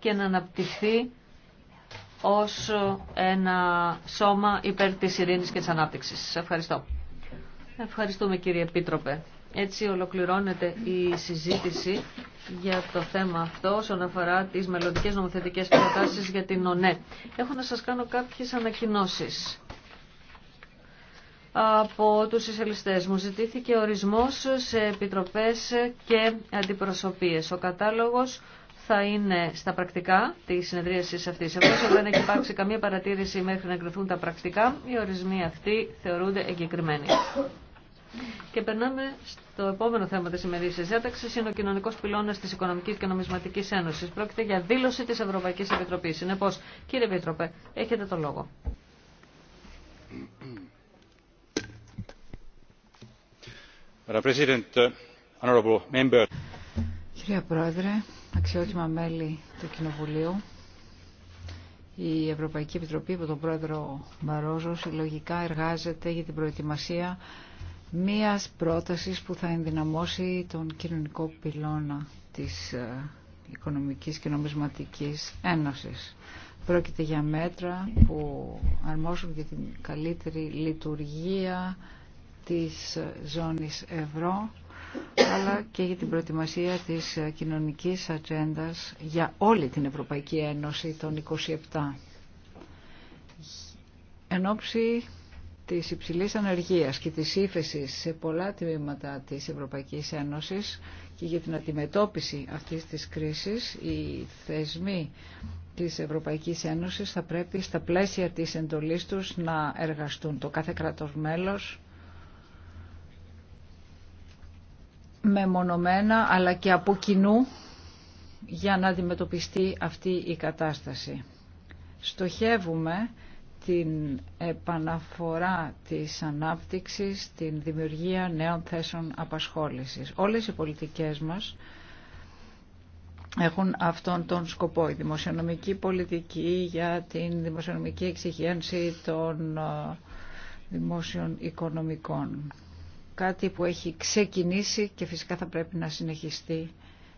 και να αναπτυχθεί ως ένα σώμα υπέρ της ειρήνης και της ανάπτυξης. Σας ευχαριστώ. Ευχαριστούμε κύριε Επίτροπε. Έτσι ολοκληρώνεται η συζήτηση για το θέμα αυτό όσον αφορά τις μελλοντικές νομοθετικές προτάσεις για την ΟΝΕ. Έχω να σας κάνω κάποιες ανακοινώσεις. Από τους εισελιστές μου ζητήθηκε ορισμός σε επιτροπές και αντιπροσωπείες. Ο κατάλογος θα είναι στα πρακτικά τη συνεδρίαση αυτή Εφόσον δεν έχει υπάρξει καμία παρατήρηση μέχρι να εγκριθούν τα πρακτικά, οι ορισμοί αυτοί θεωρούνται εγκεκριμένοι. Και περνάμε στο επόμενο θέμα τη ημερήσια διάταξη. Είναι ο κοινωνικό πυλώνα τη Οικονομική και Νομισματική Ένωση. Πρόκειται για δήλωση τη Ευρωπαϊκή Επιτροπή. Συνεπώ, κύριε Επίτροπε, έχετε το λόγο. Κύριε Πρόεδρε, Αξιότιμα μέλη του Κοινοβουλίου, η Ευρωπαϊκή Επιτροπή από τον πρόεδρο Μπαρόζο συλλογικά εργάζεται για την προετοιμασία μίας πρότασης που θα ενδυναμώσει τον κοινωνικό πυλώνα της ε, Οικονομικής και Νομισματικής Ένωσης. Πρόκειται για μέτρα που αρμόζουν για την καλύτερη λειτουργία της ε, ζώνης ευρώ αλλά και για την προετοιμασία της κοινωνικής ατζέντα για όλη την Ευρωπαϊκή Ένωση των 27. Εν ώψη της υψηλής ανεργίας και της ύφεση σε πολλά τμήματα της Ευρωπαϊκής Ένωσης και για την αντιμετώπιση αυτής της κρίσης, οι θεσμοί της Ευρωπαϊκής Ένωσης θα πρέπει στα πλαίσια της εντολής τους να εργαστούν. Το κάθε κρατός μέλος μεμονωμένα αλλά και από κοινού για να αντιμετωπιστεί αυτή η κατάσταση. Στοχεύουμε την επαναφορά της ανάπτυξης, την δημιουργία νέων θέσεων απασχόλησης. Όλες οι πολιτικές μας έχουν αυτόν τον σκοπό. Η δημοσιονομική πολιτική για την δημοσιονομική εξυγένση των ε, δημόσιων οικονομικών κάτι που έχει ξεκινήσει και φυσικά θα πρέπει να συνεχιστεί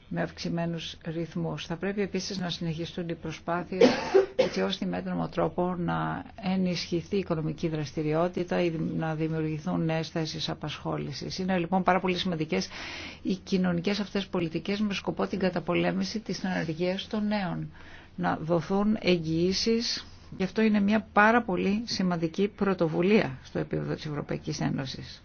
με αυξημένους ρυθμούς. Θα πρέπει επίσης να συνεχιστούν οι προσπάθειες έτσι ώστε με έντονο τρόπο να ενισχυθεί η οικονομική δραστηριότητα ή να δημιουργηθούν νέες θέσεις απασχόλησης. Είναι λοιπόν πάρα πολύ σημαντικές οι κοινωνικές αυτές πολιτικές με σκοπό την καταπολέμηση της ενεργείας των νέων. Να δοθούν εγγυήσει. Γι' αυτό είναι μια πάρα πολύ σημαντική πρωτοβουλία στο επίπεδο της Ευρωπαϊκής Ένωσης.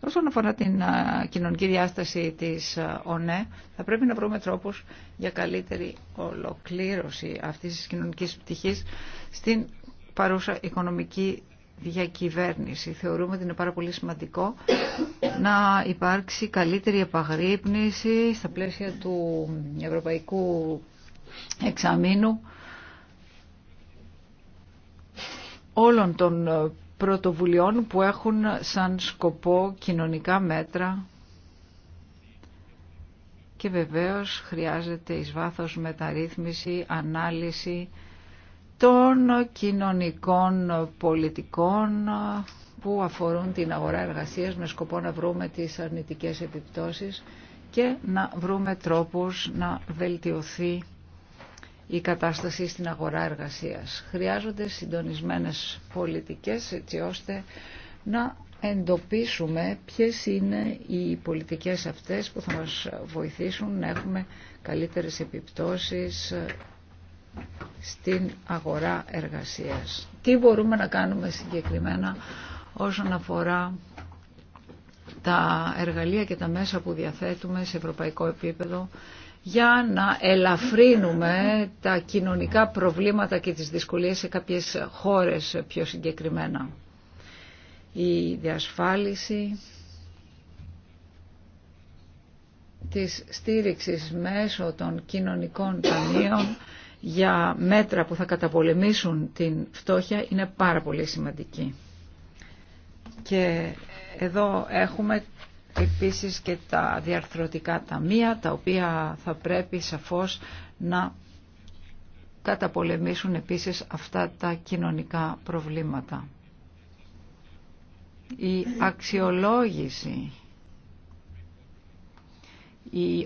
Όσον αφορά την κοινωνική διάσταση της ΟΝΕ, θα πρέπει να βρούμε τρόπους για καλύτερη ολοκλήρωση αυτής της κοινωνικής πτυχής στην παρούσα οικονομική διακυβέρνηση. Θεωρούμε ότι είναι πάρα πολύ σημαντικό να υπάρξει καλύτερη επαγρύπνηση στα πλαίσια του Ευρωπαϊκού Εξαμήνου όλων των πρωτοβουλειών που έχουν σαν σκοπό κοινωνικά μέτρα και βεβαίως χρειάζεται εις βάθος μεταρρύθμιση, ανάλυση των κοινωνικών πολιτικών που αφορούν την αγορά εργασίας με σκοπό να βρούμε τις αρνητικές επιπτώσεις και να βρούμε τρόπους να βελτιωθεί η κατάσταση στην αγορά εργασίας. Χρειάζονται συντονισμένες πολιτικές έτσι ώστε να εντοπίσουμε ποιες είναι οι πολιτικές αυτές που θα μας βοηθήσουν να έχουμε καλύτερες επιπτώσεις στην αγορά εργασίας. Τι μπορούμε να κάνουμε συγκεκριμένα όσον αφορά τα εργαλεία και τα μέσα που διαθέτουμε σε ευρωπαϊκό επίπεδο για να ελαφρύνουμε τα κοινωνικά προβλήματα και τις δυσκολίες σε κάποιες χώρες πιο συγκεκριμένα. Η διασφάλιση της στήριξης μέσω των κοινωνικών ταμείων για μέτρα που θα καταπολεμήσουν την φτώχεια είναι πάρα πολύ σημαντική. Και εδώ έχουμε επίσης και τα διαρθρωτικά ταμεία, τα οποία θα πρέπει σαφώς να καταπολεμήσουν επίσης αυτά τα κοινωνικά προβλήματα. Η αξιολόγηση,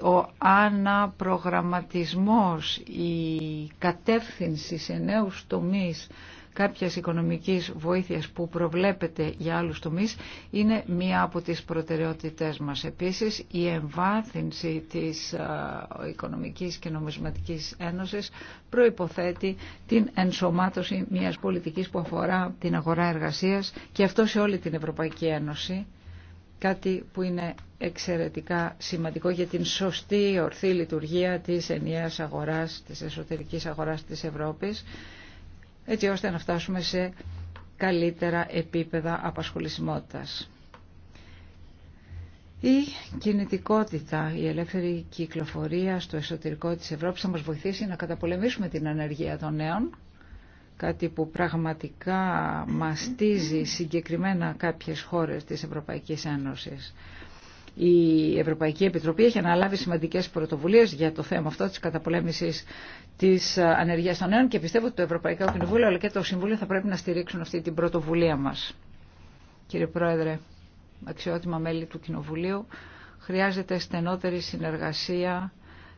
ο αναπρογραμματισμός, η κατεύθυνση σε νέους τομείς κάποιας οικονομικής βοήθειας που προβλέπεται για άλλους τομείς είναι μία από τις προτεραιότητές μας. Επίσης, η εμβάθυνση της Οικονομικής και Νομισματικής Ένωσης προϋποθέτει την ενσωμάτωση μιας πολιτικής που αφορά την αγορά εργασίας και αυτό σε όλη την Ευρωπαϊκή Ένωση κάτι που είναι εξαιρετικά σημαντικό για την σωστή ορθή λειτουργία της ενιαίας αγοράς, της εσωτερικής αγοράς της Ευρώπης έτσι ώστε να φτάσουμε σε καλύτερα επίπεδα απασχολησιμότητας. Η κινητικότητα, η ελεύθερη κυκλοφορία στο εσωτερικό της Ευρώπης θα μας βοηθήσει να καταπολεμήσουμε την ανεργία των νέων, κάτι που πραγματικά μαστίζει συγκεκριμένα κάποιες χώρες της Ευρωπαϊκής Ένωσης. Η Ευρωπαϊκή Επιτροπή έχει αναλάβει σημαντικές πρωτοβουλίες για το θέμα αυτό της καταπολέμησης της ανεργίας των νέων και πιστεύω ότι το Ευρωπαϊκό Κοινοβούλιο αλλά και το Συμβούλιο θα πρέπει να στηρίξουν αυτή την πρωτοβουλία μας. Κύριε Πρόεδρε, αξιότιμα μέλη του Κοινοβουλίου, χρειάζεται στενότερη συνεργασία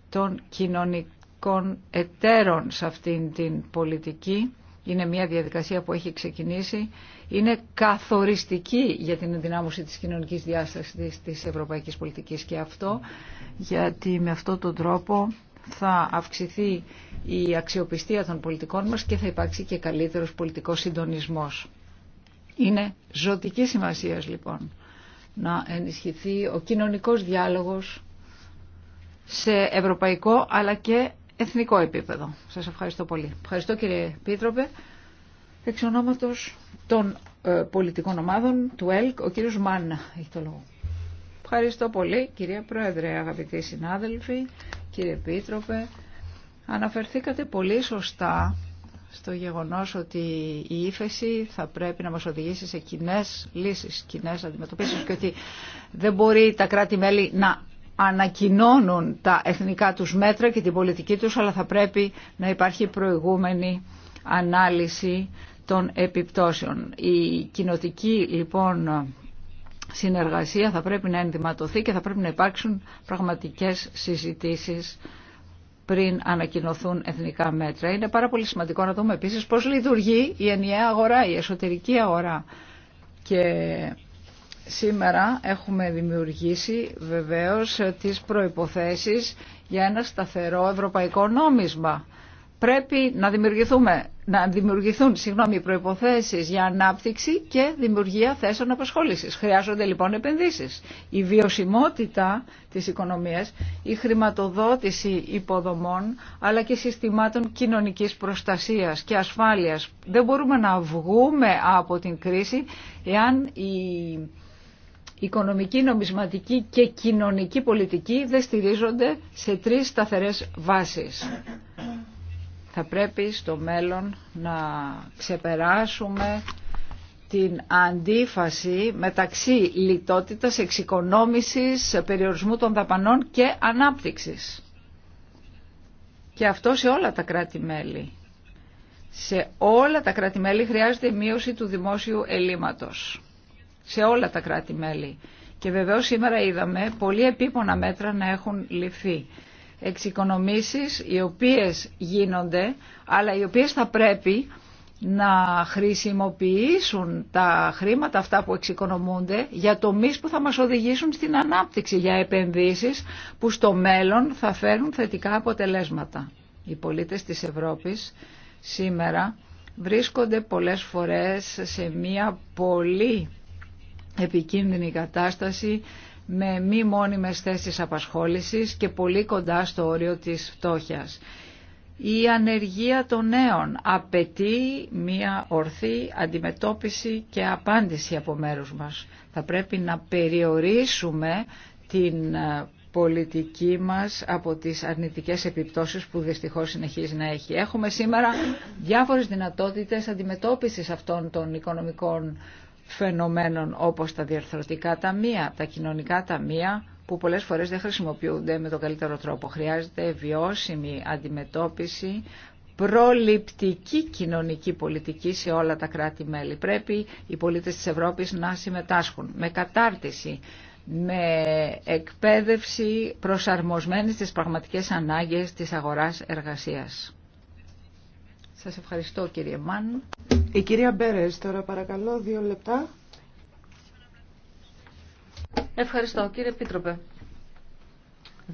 των κοινωνικών εταίρων σε αυτήν την πολιτική είναι μια διαδικασία που έχει ξεκινήσει, είναι καθοριστική για την ενδυνάμωση της κοινωνικής διάστασης της ευρωπαϊκής πολιτικής και αυτό, γιατί με αυτόν τον τρόπο θα αυξηθεί η αξιοπιστία των πολιτικών μας και θα υπάρξει και καλύτερος πολιτικός συντονισμός. Είναι ζωτική σημασία λοιπόν να ενισχυθεί ο κοινωνικός διάλογος σε ευρωπαϊκό αλλά και εθνικό επίπεδο. Σας ευχαριστώ πολύ. Ευχαριστώ κύριε Πίτροπε. Εξ ονόματος των ε, πολιτικών ομάδων του ΕΛΚ, ο κύριος Μάννα έχει το λόγο. Ευχαριστώ πολύ κυρία Πρόεδρε, αγαπητοί συνάδελφοι, κύριε Πίτροπε. Αναφερθήκατε πολύ σωστά στο γεγονός ότι η ύφεση θα πρέπει να μας οδηγήσει σε κοινέ λύσεις, κοινέ αντιμετωπίσεις και ότι δεν μπορεί τα κράτη-μέλη να ανακοινώνουν τα εθνικά τους μέτρα και την πολιτική τους, αλλά θα πρέπει να υπάρχει προηγούμενη ανάλυση των επιπτώσεων. Η κοινοτική λοιπόν συνεργασία θα πρέπει να ενδυματωθεί και θα πρέπει να υπάρξουν πραγματικές συζητήσεις πριν ανακοινωθούν εθνικά μέτρα. Είναι πάρα πολύ σημαντικό να δούμε επίσης πώς λειτουργεί η ενιαία αγορά, η εσωτερική αγορά. Και Σήμερα έχουμε δημιουργήσει βεβαίως τις προϋποθέσεις για ένα σταθερό ευρωπαϊκό νόμισμα. Πρέπει να, δημιουργηθούμε, να δημιουργηθούν συγγνώμη, προϋποθέσεις για ανάπτυξη και δημιουργία θέσεων απασχόλησης. Χρειάζονται λοιπόν επενδύσεις. Η βιωσιμότητα της οικονομίας, η χρηματοδότηση υποδομών, αλλά και συστημάτων κοινωνικής προστασίας και ασφάλειας. Δεν μπορούμε να βγούμε από την κρίση εάν η οικονομική, νομισματική και κοινωνική πολιτική δεν στηρίζονται σε τρεις σταθερές βάσεις. Θα πρέπει στο μέλλον να ξεπεράσουμε την αντίφαση μεταξύ λιτότητας, εξοικονόμησης, περιορισμού των δαπανών και ανάπτυξης. Και αυτό σε όλα τα κράτη-μέλη. Σε όλα τα κράτη-μέλη χρειάζεται η μείωση του δημόσιου ελλείμματος σε όλα τα κράτη-μέλη. Και βεβαίως σήμερα είδαμε πολλοί επίπονα μέτρα να έχουν ληφθεί. Εξοικονομήσεις οι οποίες γίνονται, αλλά οι οποίες θα πρέπει να χρησιμοποιήσουν τα χρήματα αυτά που εξοικονομούνται για τομείς που θα μας οδηγήσουν στην ανάπτυξη, για επενδύσεις που στο μέλλον θα φέρουν θετικά αποτελέσματα. Οι πολίτες της Ευρώπης σήμερα βρίσκονται πολλές φορές σε μια πολύ επικίνδυνη κατάσταση με μη μόνιμες θέσεις απασχόλησης και πολύ κοντά στο όριο της φτώχειας. Η ανεργία των νέων απαιτεί μία ορθή αντιμετώπιση και απάντηση από μέρους μας. Θα πρέπει να περιορίσουμε την ε, πολιτική μας από τις αρνητικές επιπτώσεις που δυστυχώς συνεχίζει να έχει. Έχουμε σήμερα διάφορες δυνατότητες αντιμετώπισης αυτών των οικονομικών φαινομένων όπως τα διαρθρωτικά ταμεία, τα κοινωνικά ταμεία που πολλές φορές δεν χρησιμοποιούνται με τον καλύτερο τρόπο. Χρειάζεται βιώσιμη αντιμετώπιση, προληπτική κοινωνική πολιτική σε όλα τα κράτη-μέλη. Πρέπει οι πολίτες της Ευρώπης να συμμετάσχουν με κατάρτιση, με εκπαίδευση προσαρμοσμένη στις πραγματικές ανάγκες της αγοράς εργασίας. Σας ευχαριστώ κύριε Μάν. Η κυρία Μπέρες τώρα παρακαλώ δύο λεπτά. Ευχαριστώ κύριε Επίτροπε.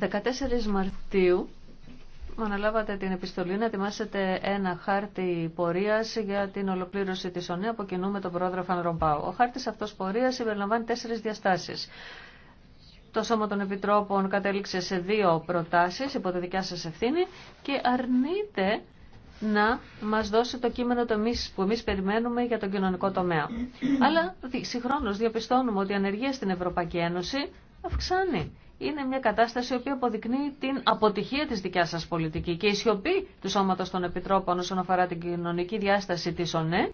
14 Μαρτίου μου αναλάβατε την επιστολή να ετοιμάσετε ένα χάρτη πορεία για την ολοκλήρωση τη ΟΝΕ από κοινού με τον πρόεδρο Φαν Ο χάρτη αυτό πορεία συμπεριλαμβάνει τέσσερι διαστάσει. Το Σώμα των Επιτρόπων κατέληξε σε δύο προτάσει υπό τη δικιά σα ευθύνη και αρνείται να μας δώσει το κείμενο το που εμείς περιμένουμε για τον κοινωνικό τομέα. Αλλά συγχρόνως διαπιστώνουμε ότι η ανεργία στην Ευρωπαϊκή Ένωση αυξάνει. Είναι μια κατάσταση η οποία αποδεικνύει την αποτυχία της δικιάς σας πολιτική και η σιωπή του Σώματος των Επιτρόπων όσον αφορά την κοινωνική διάσταση της ΟΝΕ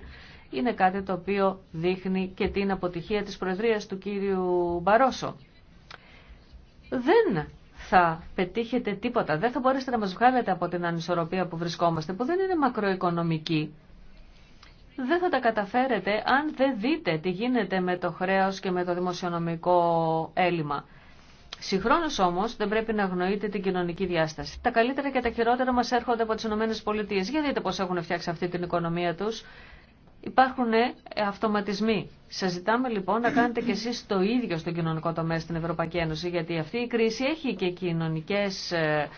είναι κάτι το οποίο δείχνει και την αποτυχία της Προεδρίας του κύριου Μπαρόσο. Δεν θα πετύχετε τίποτα. Δεν θα μπορέσετε να μας βγάλετε από την ανισορροπία που βρισκόμαστε, που δεν είναι μακροοικονομική. Δεν θα τα καταφέρετε αν δεν δείτε τι γίνεται με το χρέος και με το δημοσιονομικό έλλειμμα. Συγχρόνω όμω δεν πρέπει να αγνοείτε την κοινωνική διάσταση. Τα καλύτερα και τα χειρότερα μα έρχονται από τι ΗΠΑ. Για δείτε πώ έχουν φτιάξει αυτή την οικονομία του. Υπάρχουν ε, αυτοματισμοί. Σας ζητάμε λοιπόν να κάνετε κι εσείς το ίδιο στο κοινωνικό τομέα στην Ευρωπαϊκή Ένωση, γιατί αυτή η κρίση έχει και κοινωνικές ε,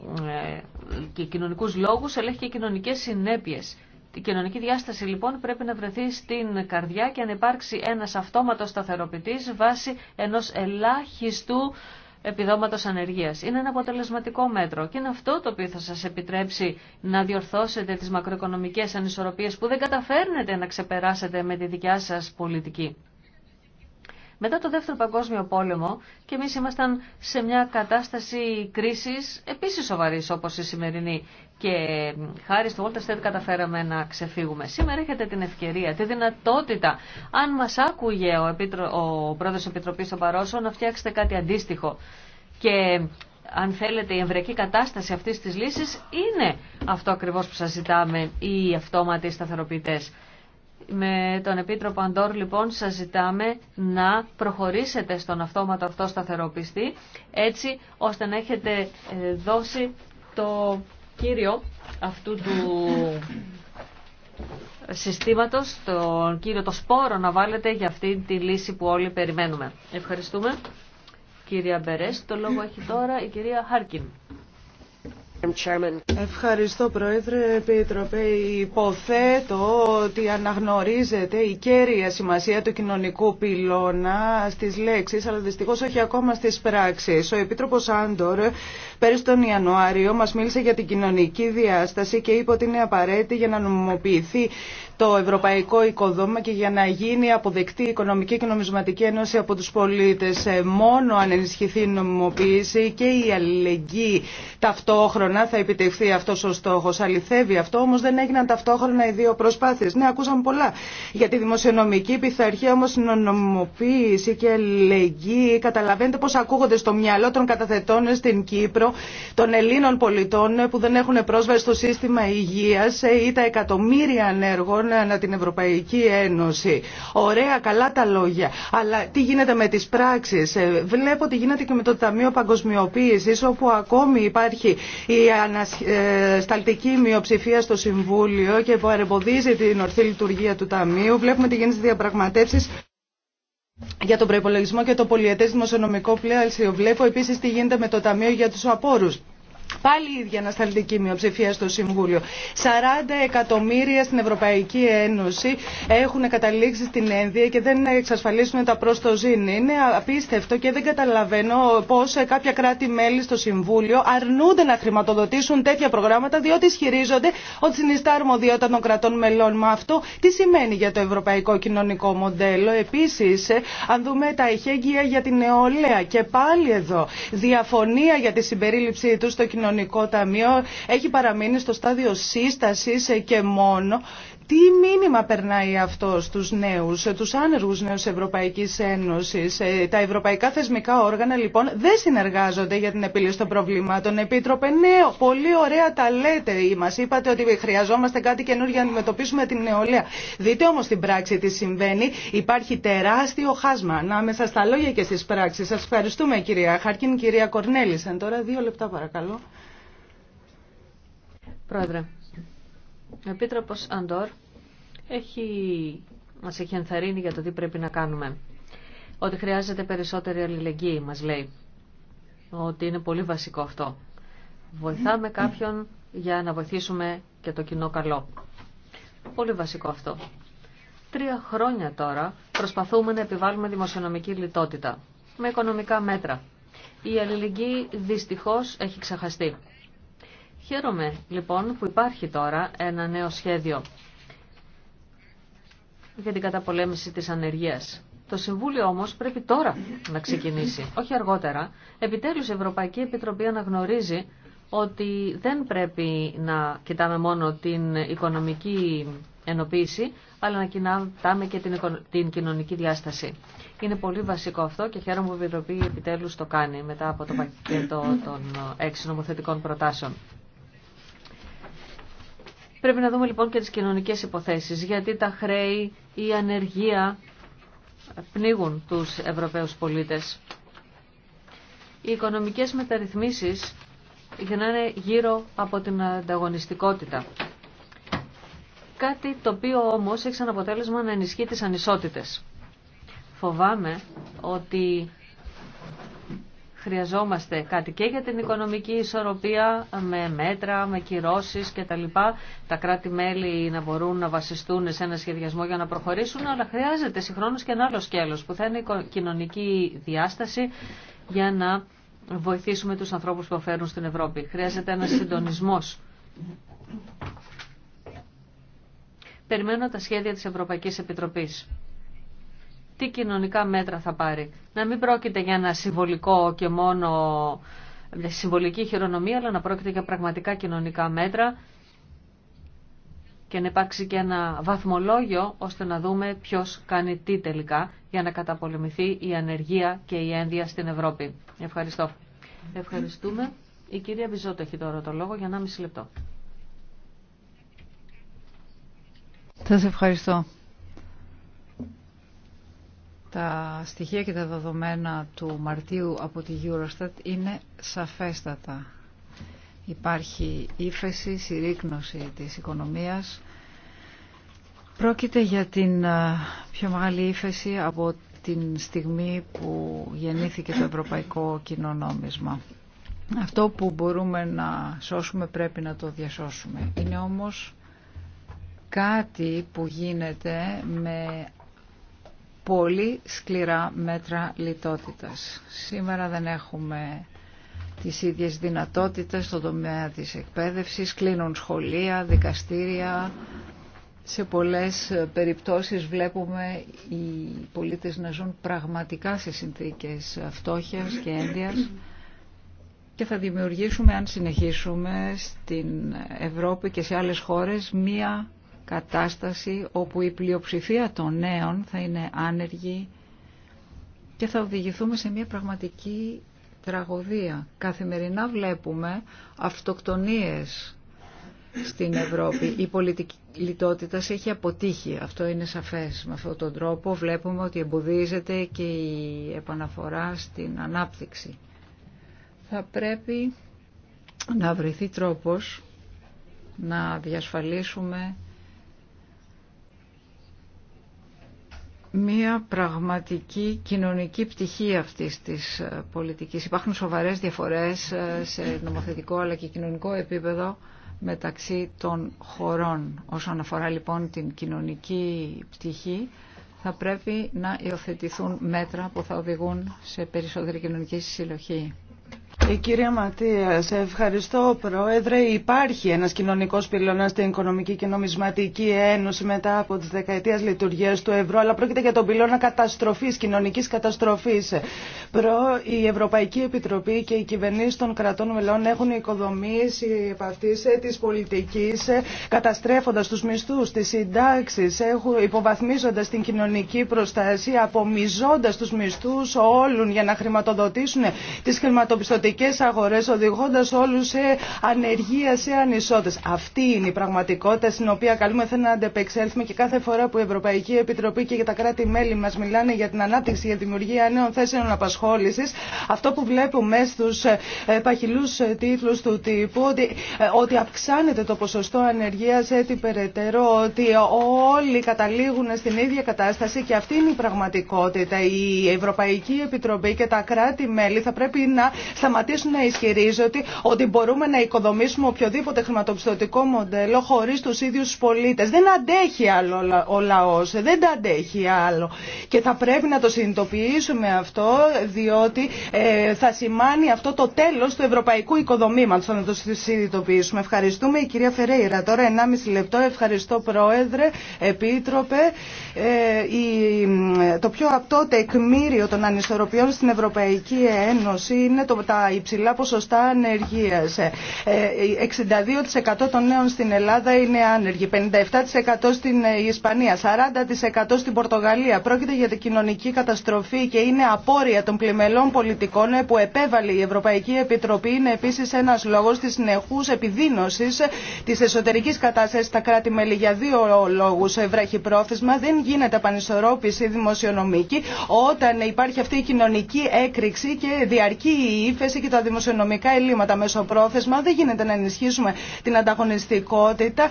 ε, και κοινωνικούς λόγους, αλλά έχει και κοινωνικές συνέπειες. Η κοινωνική διάσταση λοιπόν πρέπει να βρεθεί στην καρδιά και να υπάρξει ένας αυτόματος σταθεροποιητής βάσει ενός ελάχιστου επιδόματος ανεργία Είναι ένα αποτελεσματικό μέτρο και είναι αυτό το οποίο θα σας επιτρέψει να διορθώσετε τις μακροοικονομικές ανισορροπίες που δεν καταφέρνετε να ξεπεράσετε με τη δικιά σας πολιτική. Μετά το Δεύτερο Παγκόσμιο Πόλεμο και εμείς ήμασταν σε μια κατάσταση κρίσης επίσης σοβαρής όπως η σημερινή και χάρη στο Walter State καταφέραμε να ξεφύγουμε. Σήμερα έχετε την ευκαιρία, τη δυνατότητα, αν μας άκουγε ο, Επίτρο, ο Πρόεδρος Επιτροπής των Παρόσο να φτιάξετε κάτι αντίστοιχο. Και αν θέλετε, η εμβριακή κατάσταση αυτή τη λύση είναι αυτό ακριβώ που σα ζητάμε, οι αυτόματοι σταθεροποιητέ. Με τον Επίτροπο Αντόρ λοιπόν σας ζητάμε να προχωρήσετε στον αυτόματο αυτό σταθεροπιστή έτσι ώστε να έχετε ε, δώσει το κύριο αυτού του συστήματος, τον κύριο το σπόρο να βάλετε για αυτή τη λύση που όλοι περιμένουμε. Ευχαριστούμε. Κυρία Μπερές, το λόγο έχει τώρα η κυρία Χάρκιν. Ευχαριστώ Πρόεδρε Επίτροπε. Υποθέτω ότι αναγνωρίζεται η κέρια σημασία του κοινωνικού πυλώνα στις λέξεις αλλά δυστυχώς όχι ακόμα στις πράξεις. Ο Επίτροπος Άντορ Πέρυσι τον Ιανουάριο μας μίλησε για την κοινωνική διάσταση και είπε ότι είναι απαραίτητη για να νομιμοποιηθεί το ευρωπαϊκό οικοδόμημα και για να γίνει αποδεκτή η Οικονομική και Νομισματική Ένωση από τους πολίτες. Ε, μόνο αν ενισχυθεί η νομιμοποίηση και η αλληλεγγύη ταυτόχρονα θα επιτευχθεί αυτός ο στόχος. Αληθεύει αυτό, όμως δεν έγιναν ταυτόχρονα οι δύο προσπάθειες. Ναι, ακούσαμε πολλά για τη δημοσιονομική πειθαρχία, όμως η νομιμοποίηση και η αλληλεγγύη καταλαβαίνετε πώς ακούγονται στο μυαλό των καταθετών στην Κύπρο των Ελλήνων πολιτών που δεν έχουν πρόσβαση στο σύστημα υγείας ή τα εκατομμύρια ανέργων ανά την Ευρωπαϊκή Ένωση. Ωραία, καλά τα λόγια. Αλλά τι γίνεται με τις πράξεις. Ε, βλέπω ότι γίνεται και με το Ταμείο Παγκοσμιοποίησης όπου ακόμη υπάρχει η ανασταλτική ε, μειοψηφία στο Συμβούλιο και που αρεμποδίζει την ορθή λειτουργία του Ταμείου. Βλέπουμε τι γίνεται στις διαπραγματεύσεις για τον προπολογισμό και το πολιετές δημοσιονομικό πλαίσιο. Βλέπω επίσης τι γίνεται με το Ταμείο για τους Απόρους. Πάλι η ίδια ανασταλτική μειοψηφία στο Συμβούλιο. 40 εκατομμύρια στην Ευρωπαϊκή Ένωση έχουν καταλήξει στην ένδυα και δεν εξασφαλίσουν τα προστοζήν. Είναι απίστευτο και δεν καταλαβαίνω πώ κάποια κράτη-μέλη στο Συμβούλιο αρνούνται να χρηματοδοτήσουν τέτοια προγράμματα διότι ισχυρίζονται ότι συνιστά αρμοδιότητα των κρατών μελών. Μα αυτό τι σημαίνει για το ευρωπαϊκό κοινωνικό μοντέλο. Επίση, αν δούμε τα ηχέγγυα για την νεολαία και πάλι εδώ, διαφωνία για τη συμπερίληψή του στο κοινωνικό Κοινωνικό Ταμείο έχει παραμείνει στο στάδιο σύστασης και μόνο. Τι μήνυμα περνάει αυτό στους νέους, τους άνεργους νέους Ευρωπαϊκής Ένωσης. Ε, τα ευρωπαϊκά θεσμικά όργανα λοιπόν δεν συνεργάζονται για την επίλυση των προβλημάτων. Επίτροπε, ναι, πολύ ωραία τα λέτε. Μας είπατε ότι χρειαζόμαστε κάτι καινούργιο για να αντιμετωπίσουμε την νεολαία. Δείτε όμως την πράξη τι συμβαίνει. Υπάρχει τεράστιο χάσμα ανάμεσα στα λόγια και στις πράξεις. Σας ευχαριστούμε κυρία Χαρκίν, κυρία Κορνέλησεν. Τώρα δύο λεπτά παρακαλώ. Πρόεδρε. Ο Επίτροπος Αντόρ έχει, μας έχει ενθαρρύνει για το τι πρέπει να κάνουμε. Ότι χρειάζεται περισσότερη αλληλεγγύη, μας λέει. Ότι είναι πολύ βασικό αυτό. Βοηθάμε κάποιον για να βοηθήσουμε και το κοινό καλό. Πολύ βασικό αυτό. Τρία χρόνια τώρα προσπαθούμε να επιβάλλουμε δημοσιονομική λιτότητα με οικονομικά μέτρα. Η αλληλεγγύη δυστυχώς έχει ξεχαστεί. Χαίρομαι λοιπόν που υπάρχει τώρα ένα νέο σχέδιο για την καταπολέμηση της ανεργίας. Το Συμβούλιο όμως πρέπει τώρα να ξεκινήσει, όχι αργότερα. Επιτέλους η Ευρωπαϊκή Επιτροπή αναγνωρίζει ότι δεν πρέπει να κοιτάμε μόνο την οικονομική ενοποίηση, αλλά να κοιτάμε και την, κοινωνική διάσταση. Είναι πολύ βασικό αυτό και χαίρομαι που η Επιτροπή επιτέλους το κάνει μετά από το πακέτο των έξι νομοθετικών προτάσεων. Πρέπει να δούμε λοιπόν και τις κοινωνικές υποθέσεις, γιατί τα χρέη, η ανεργία πνίγουν τους Ευρωπαίους πολίτες. Οι οικονομικές μεταρρυθμίσεις γυρνάνε γύρω από την ανταγωνιστικότητα. Κάτι το οποίο όμως έχει σαν αποτέλεσμα να ενισχύει τις ανισότητες. Φοβάμαι ότι Χρειαζόμαστε κάτι και για την οικονομική ισορροπία με μέτρα, με κυρώσεις κτλ. Τα κράτη-μέλη να μπορούν να βασιστούν σε ένα σχεδιασμό για να προχωρήσουν, αλλά χρειάζεται συγχρόνως και ένα άλλο σκέλος που θα είναι η κοινωνική διάσταση για να βοηθήσουμε τους ανθρώπους που αφαίρουν στην Ευρώπη. Χρειάζεται ένας συντονισμός. Περιμένω τα σχέδια της Ευρωπαϊκής Επιτροπής τι κοινωνικά μέτρα θα πάρει. Να μην πρόκειται για ένα συμβολικό και μόνο συμβολική χειρονομία, αλλά να πρόκειται για πραγματικά κοινωνικά μέτρα και να υπάρξει και ένα βαθμολόγιο ώστε να δούμε ποιος κάνει τι τελικά για να καταπολεμηθεί η ανεργία και η ένδια στην Ευρώπη. Ευχαριστώ. Ευχαριστούμε. Η κυρία Βιζότο έχει τώρα το λόγο για 1,5 λεπτό. Σας ευχαριστώ. Τα στοιχεία και τα δεδομένα του Μαρτίου από τη Eurostat είναι σαφέστατα. Υπάρχει ύφεση, συρρήκνωση της οικονομίας. Πρόκειται για την ε, πιο μεγάλη ύφεση από την στιγμή που γεννήθηκε το Ευρωπαϊκό Κοινωνόμισμα. Αυτό που μπορούμε να σώσουμε πρέπει να το διασώσουμε. Είναι όμως κάτι που γίνεται με πολύ σκληρά μέτρα λιτότητας. Σήμερα δεν έχουμε τις ίδιες δυνατότητες στον τομέα της εκπαίδευσης, κλείνουν σχολεία, δικαστήρια. Σε πολλές περιπτώσεις βλέπουμε οι πολίτες να ζουν πραγματικά σε συνθήκες φτώχειας και ένδυας και θα δημιουργήσουμε, αν συνεχίσουμε, στην Ευρώπη και σε άλλες χώρες μία κατάσταση όπου η πλειοψηφία των νέων θα είναι άνεργη και θα οδηγηθούμε σε μια πραγματική τραγωδία. Καθημερινά βλέπουμε αυτοκτονίες στην Ευρώπη. Η πολιτική λιτότητα έχει αποτύχει. Αυτό είναι σαφές. Με αυτόν τον τρόπο βλέπουμε ότι εμποδίζεται και η επαναφορά στην ανάπτυξη. Θα πρέπει να βρεθεί τρόπος να διασφαλίσουμε μία πραγματική κοινωνική πτυχή αυτής της ε, πολιτικής. Υπάρχουν σοβαρές διαφορές ε, σε νομοθετικό αλλά και κοινωνικό επίπεδο μεταξύ των χωρών. Όσον αφορά λοιπόν την κοινωνική πτυχή, θα πρέπει να υιοθετηθούν μέτρα που θα οδηγούν σε περισσότερη κοινωνική συλλογή. Η ε, κυρία Ματία, σε ευχαριστώ Πρόεδρε. Υπάρχει ένας κοινωνικός πυλώνας στην Οικονομική και Νομισματική Ένωση μετά από τις δεκαετίες λειτουργίας του ευρώ, αλλά πρόκειται για τον πυλώνα καταστροφής, κοινωνικής καταστροφής. Προ, η Ευρωπαϊκή Επιτροπή και οι κυβερνήσει των κρατών μελών έχουν οικοδομήσει επ' αυτής της πολιτικής, καταστρέφοντας τους μισθούς, τις συντάξεις, υποβαθμίζοντας την κοινωνική προστασία, απομιζώντας τους μισθούς όλων για να χρηματοδοτήσουν τις χρηματοπιστωτικές αγορές οδηγώντας όλους σε ανεργία, σε ανισότητες. Αυτή είναι η πραγματικότητα στην οποία καλούμεθα να αντεπεξέλθουμε και κάθε φορά που η Ευρωπαϊκή Επιτροπή και τα κράτη-μέλη μας μιλάνε για την ανάπτυξη, για τη δημιουργία νέων θέσεων απασχόλησης, αυτό που βλέπουμε στους ε, παχυλούς ε, τίτλους του τύπου, ότι, ε, ότι αυξάνεται το ποσοστό ανεργίας έτσι περαιτέρω, ότι όλοι καταλήγουν στην ίδια κατάσταση και αυτή είναι η πραγματικότητα. Η Ευρωπαϊκή Επιτροπή και τα κράτη-μέλη θα πρέπει να σταματήσουν σταματήσουν να ισχυρίζονται ότι μπορούμε να οικοδομήσουμε οποιοδήποτε χρηματοπιστωτικό μοντέλο χωρί του ίδιου πολίτε. Δεν αντέχει άλλο ο λαό. Δεν τα αντέχει άλλο. Και θα πρέπει να το συνειδητοποιήσουμε αυτό, διότι ε, θα σημάνει αυτό το τέλο του ευρωπαϊκού οικοδομήματο. Θα το συνειδητοποιήσουμε. Ευχαριστούμε η κυρία Φερέιρα. Τώρα 1,5 λεπτό. Ευχαριστώ, Πρόεδρε, Επίτροπε. Ε, το πιο απτό τεκμήριο των ανισορροπιών στην Ευρωπαϊκή Ένωση είναι το, τα υψηλά ποσοστά ανεργίας. 62% ε, ε, των νέων στην Ελλάδα είναι άνεργοι, 57% στην ε, Ισπανία, 40% στην Πορτογαλία. Πρόκειται για την κοινωνική καταστροφή και είναι απόρρια των πλημελών πολιτικών που επέβαλε η Ευρωπαϊκή Επιτροπή. Είναι επίσης ένας λόγος της συνεχούς επιδείνωσης της εσωτερικής κατάστασης στα κράτη-μέλη για δύο λόγους πρόθεσμα Δεν γίνεται πανισορρόπηση δημοσιονομική όταν υπάρχει αυτή η κοινωνική έκρηξη και διαρκεί η ύφεση και τα δημοσιονομικά ελλείμματα πρόθεσμα. Δεν γίνεται να ενισχύσουμε την ανταγωνιστικότητα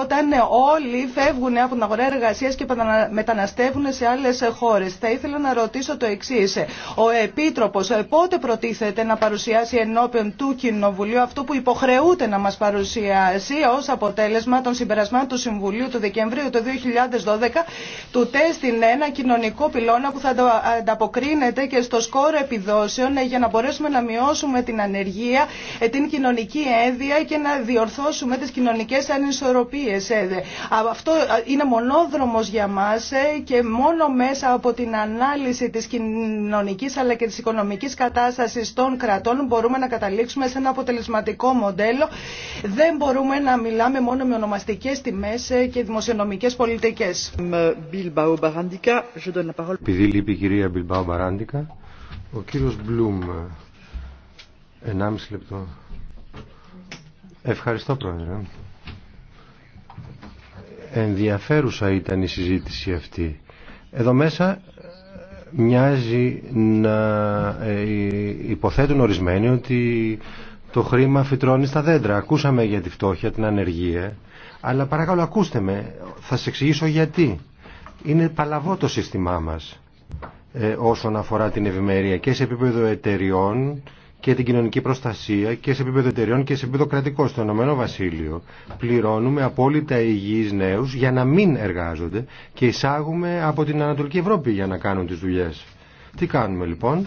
όταν όλοι φεύγουν από την αγορά εργασία και μεταναστεύουν σε άλλε χώρε. Θα ήθελα να ρωτήσω το εξή. Ο Επίτροπο ε, πότε προτίθεται να παρουσιάσει ενώπιον του Κοινοβουλίου αυτό που υποχρεούται να μα παρουσιάσει ω αποτέλεσμα των συμπερασμάτων του Συμβουλίου του Δεκεμβρίου του 2012 του τέστην ένα κοινωνικό πυλώνα που θα ανταποκρίνεται και στο σκόρ επιδόσεων ε, για να μπορέσουμε να μειώσουμε μειώσουμε την ανεργία, ε, την κοινωνική ένδυα και να διορθώσουμε τις κοινωνικές ανισορροπίες. Ε, αυτό ε, είναι μονόδρομος για μας και μόνο μέσα από την ανάλυση της κοινωνικής αλλά και της οικονομικής κατάστασης των κρατών μπορούμε να καταλήξουμε σε ένα αποτελεσματικό μοντέλο. Δεν μπορούμε να μιλάμε μόνο με ονομαστικές τιμές και δημοσιονομικές πολιτικές. Επειδή λείπει η κυρία Μπιλμπάου Μπαράντικα, ο κύριος Μπλουμ Ενάμιση λεπτό. Ευχαριστώ πρόεδρε. Ενδιαφέρουσα ήταν η συζήτηση αυτή. Εδώ μέσα ε, μοιάζει να ε, υποθέτουν ορισμένοι ότι το χρήμα φυτρώνει στα δέντρα. Ακούσαμε για τη φτώχεια, την ανεργία, αλλά παρακαλώ ακούστε με, θα σε εξηγήσω γιατί. Είναι παλαβό το σύστημά μας ε, όσον αφορά την ευημερία και σε επίπεδο εταιριών και την κοινωνική προστασία και σε επίπεδο εταιρεών και σε επίπεδο κρατικό. Στο Ηνωμένο Βασίλειο πληρώνουμε απόλυτα υγιείς νέους για να μην εργάζονται και εισάγουμε από την Ανατολική Ευρώπη για να κάνουν τις δουλειές. Τι κάνουμε λοιπόν,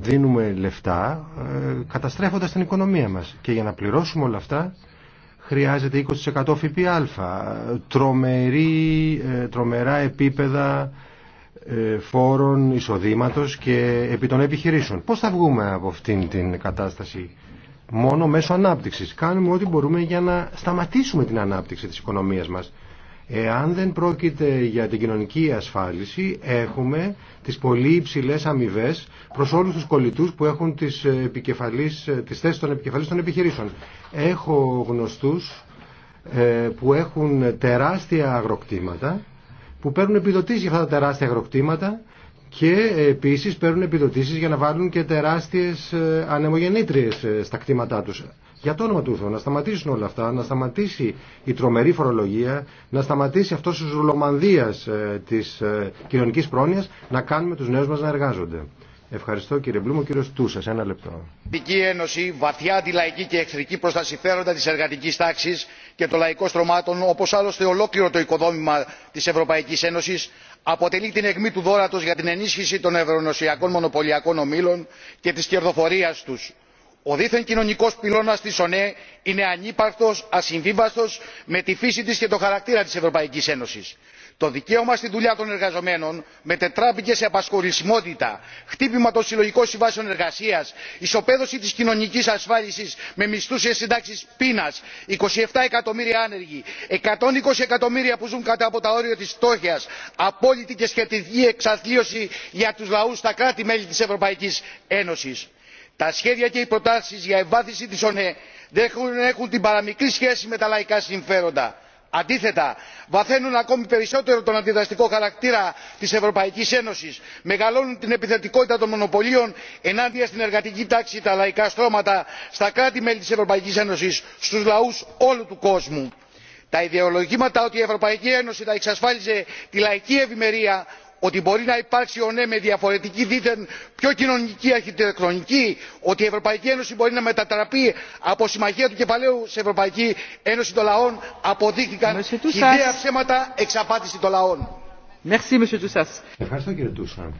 δίνουμε λεφτά ε, καταστρέφοντας την οικονομία μας και για να πληρώσουμε όλα αυτά χρειάζεται 20% ΦΠΑ, τρομερή, ε, τρομερά επίπεδα ε, φόρων εισοδήματος και επί των επιχειρήσεων. Πώς θα βγούμε από αυτήν την κατάσταση μόνο μέσω ανάπτυξης. Κάνουμε ό,τι μπορούμε για να σταματήσουμε την ανάπτυξη της οικονομίας μας. Εάν δεν πρόκειται για την κοινωνική ασφάλιση, έχουμε τις πολύ υψηλέ αμοιβέ προς όλους τους κολλητούς που έχουν τις, ε, επικεφαλής, ε, τις θέσεις των επικεφαλής των επιχειρήσεων. Έχω γνωστούς που έχουν τεράστια αγροκτήματα που παίρνουν επιδοτήσεις για αυτά τα τεράστια αγροκτήματα και ε, επίσης παίρνουν επιδοτήσεις για να βάλουν και τεράστιες ε, ανεμογεννήτριες ε, στα κτήματά τους. Για το όνομα του Θεού, να σταματήσουν όλα αυτά, να σταματήσει η τρομερή φορολογία, να σταματήσει αυτός ο ρολομανδίας της κοινωνικής πρόνοιας, να κάνουμε τους νέους μας να εργάζονται. Ευχαριστώ κύριε Μπλούμο. Κύριο Τούσα, ένα λεπτό. Η Ένωση βαθιά αντιλαϊκή και εχθρική προ τα συμφέροντα τη εργατική τάξη και των λαϊκών στρωμάτων, όπω άλλωστε ολόκληρο το οικοδόμημα τη Ευρωπαϊκή Ένωση, αποτελεί την αιγμή του δόρατο για την ενίσχυση των ευρωνοσιακών μονοπωλιακών ομήλων και τη κερδοφορία του. Ο δίθεν κοινωνικό πυλώνα τη ΩΝΕ είναι ανύπαρκτο, ασυμβίβαστο με τη φύση τη και το χαρακτήρα τη Ευρωπαϊκή Ένωση το δικαίωμα στη δουλειά των εργαζομένων μετετράπηκε σε απασχολησιμότητα χτύπημα των συλλογικών συμβάσεων εργασία ισοπαίδωση τη κοινωνική ασφάλιση με μισθού και συντάξει πείνα είκοσι εκατομμύρια άνεργοι εκατόν εκατομμύρια που ζουν κάτω από τα όρια τη φτώχεια απόλυτη και σχετική εξαθλίωση για του λαού στα κράτη μέλη τη ευρωπαϊκή ένωση. τα σχέδια και οι προτάσει για εμβάθυνση τη ονε δεν έχουν την παραμικρή σχέση με τα λαϊκά συμφέροντα αντίθετα βαθαίνουν ακόμη περισσότερο τον αντιδραστικό χαρακτήρα της ευρωπαϊκής ένωσης μεγαλώνουν την επιθετικότητα των μονοπωλίων ενάντια στην εργατική τάξη τα λαϊκά στρώματα στα κράτη μέλη της ευρωπαϊκής ένωσης στους λαούς όλου του κόσμου. τα ιδεολογήματα ότι η ευρωπαϊκή ένωση θα εξασφάλιζε τη λαϊκή ευημερία ότι μπορεί να υπάρξει ο ναι, με διαφορετική δίθεν πιο κοινωνική αρχιτεκτονική ότι η ευρωπαϊκή ένωση μπορεί να μετατραπεί από συμμαχία του κεφαλαίου σε ευρωπαϊκή ένωση των λαών αποδείχθηκαν ιδέα ψέματα εξαπάτηση των λαών. Ευχαριστώ κύριε Τούσα.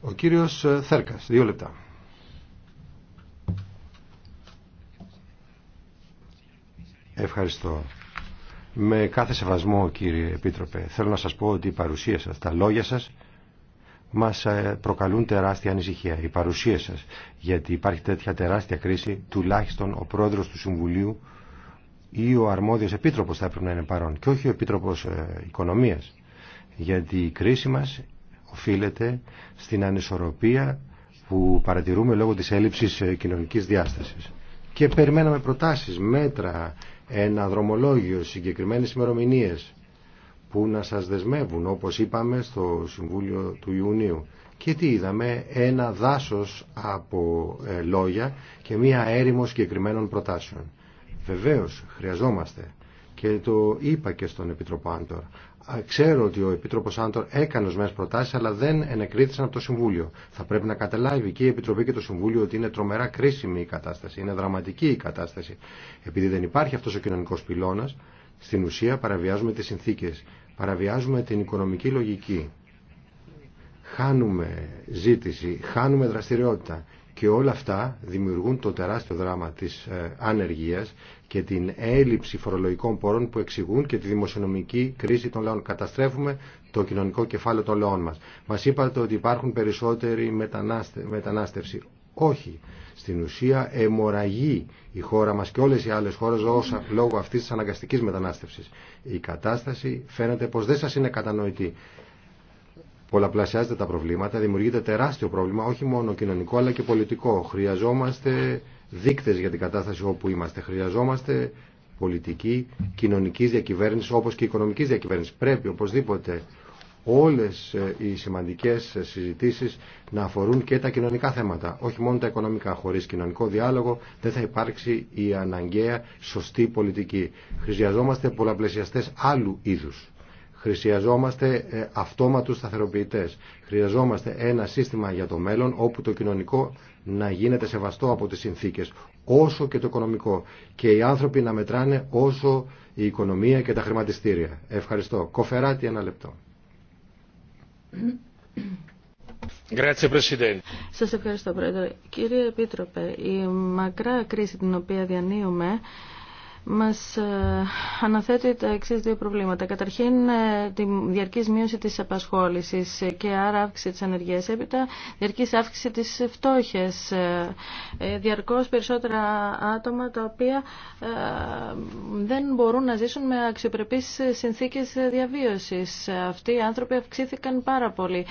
Ο κύριος ε, Θέρκας, δύο λεπτά. Ευχαριστώ. Με κάθε σεβασμό κύριε Επίτροπε, θέλω να σας πω ότι η παρουσία σας, τα λόγια σας μας ε, προκαλούν τεράστια ανησυχία. Η παρουσία σας, γιατί υπάρχει τέτοια τεράστια κρίση, τουλάχιστον ο πρόεδρος του Συμβουλίου ή ο αρμόδιος επίτροπος θα έπρεπε να είναι παρόν και όχι ο επίτροπος ε, οικονομίας. Γιατί η κρίση μας οφείλεται στην ανισορροπία που παρατηρούμε λόγω της έλλειψης ε, κοινωνικής διάστασης. Και περιμέναμε προτάσεις, μέτρα, ένα δρομολόγιο, συγκεκριμένες ημερομηνίε που να σας δεσμεύουν, όπως είπαμε στο Συμβούλιο του Ιουνίου. Και τι είδαμε, ένα δάσος από ε, λόγια και μία έρημο συγκεκριμένων προτάσεων. Βεβαίως, χρειαζόμαστε και το είπα και στον Επιτροπάντορ ξέρω ότι ο Επίτροπο Άντορ έκανε ορισμένε προτάσει, αλλά δεν ενεκρίθησαν από το Συμβούλιο. Θα πρέπει να καταλάβει και η Επιτροπή και το Συμβούλιο ότι είναι τρομερά κρίσιμη η κατάσταση, είναι δραματική η κατάσταση. Επειδή δεν υπάρχει αυτό ο κοινωνικό πυλώνα, στην ουσία παραβιάζουμε τι συνθήκε, παραβιάζουμε την οικονομική λογική. Χάνουμε ζήτηση, χάνουμε δραστηριότητα. Και όλα αυτά δημιουργούν το τεράστιο δράμα της ε, ανεργίας και την έλλειψη φορολογικών πόρων που εξηγούν και τη δημοσιονομική κρίση των λαών. Καταστρέφουμε το κοινωνικό κεφάλαιο των λαών μας. Μας είπατε ότι υπάρχουν περισσότεροι μετανάστε, μετανάστευση. Όχι. Στην ουσία αιμορραγεί η χώρα μας και όλες οι άλλες χώρες όσα, λόγω αυτής της αναγκαστικής μετανάστευσης. Η κατάσταση φαίνεται πως δεν σας είναι κατανοητή πολλαπλασιάζεται τα προβλήματα, δημιουργείται τεράστιο πρόβλημα, όχι μόνο κοινωνικό αλλά και πολιτικό. Χρειαζόμαστε δείκτε για την κατάσταση όπου είμαστε. Χρειαζόμαστε πολιτική, κοινωνική διακυβέρνηση όπω και οικονομική διακυβέρνηση. Πρέπει οπωσδήποτε όλε ε, οι σημαντικέ ε, συζητήσει να αφορούν και τα κοινωνικά θέματα, όχι μόνο τα οικονομικά. χωρί κοινωνικό διάλογο δεν θα υπάρξει η αναγκαία σωστή πολιτική. Χρειαζόμαστε πολλαπλασιαστέ άλλου είδου. Χρειαζόμαστε ε, αυτόματους σταθεροποιητές. Χρειαζόμαστε ένα σύστημα για το μέλλον όπου το κοινωνικό να γίνεται σεβαστό από τις συνθήκες όσο και το οικονομικό και οι άνθρωποι να μετράνε όσο η οικονομία και τα χρηματιστήρια. Ευχαριστώ. Κοφεράτη ένα λεπτό. Σας ευχαριστώ Πρόεδρε. Κύριε Επίτροπε, η μακρά κρίση την οποία διανύουμε μας ε, αναθέτει τα εξή δύο προβλήματα. Καταρχήν, ε, τη διαρκής μείωση της απασχόλησης και άρα αύξηση της ανεργίας. Έπειτα, διαρκής αύξηση της φτώχειας. Ε, διαρκώς περισσότερα άτομα τα οποία δεν μπορούν να ζήσουν με αξιοπρεπείς συνθήκες διαβίωσης. Αυτοί οι άνθρωποι αυξήθηκαν πάρα πολύ.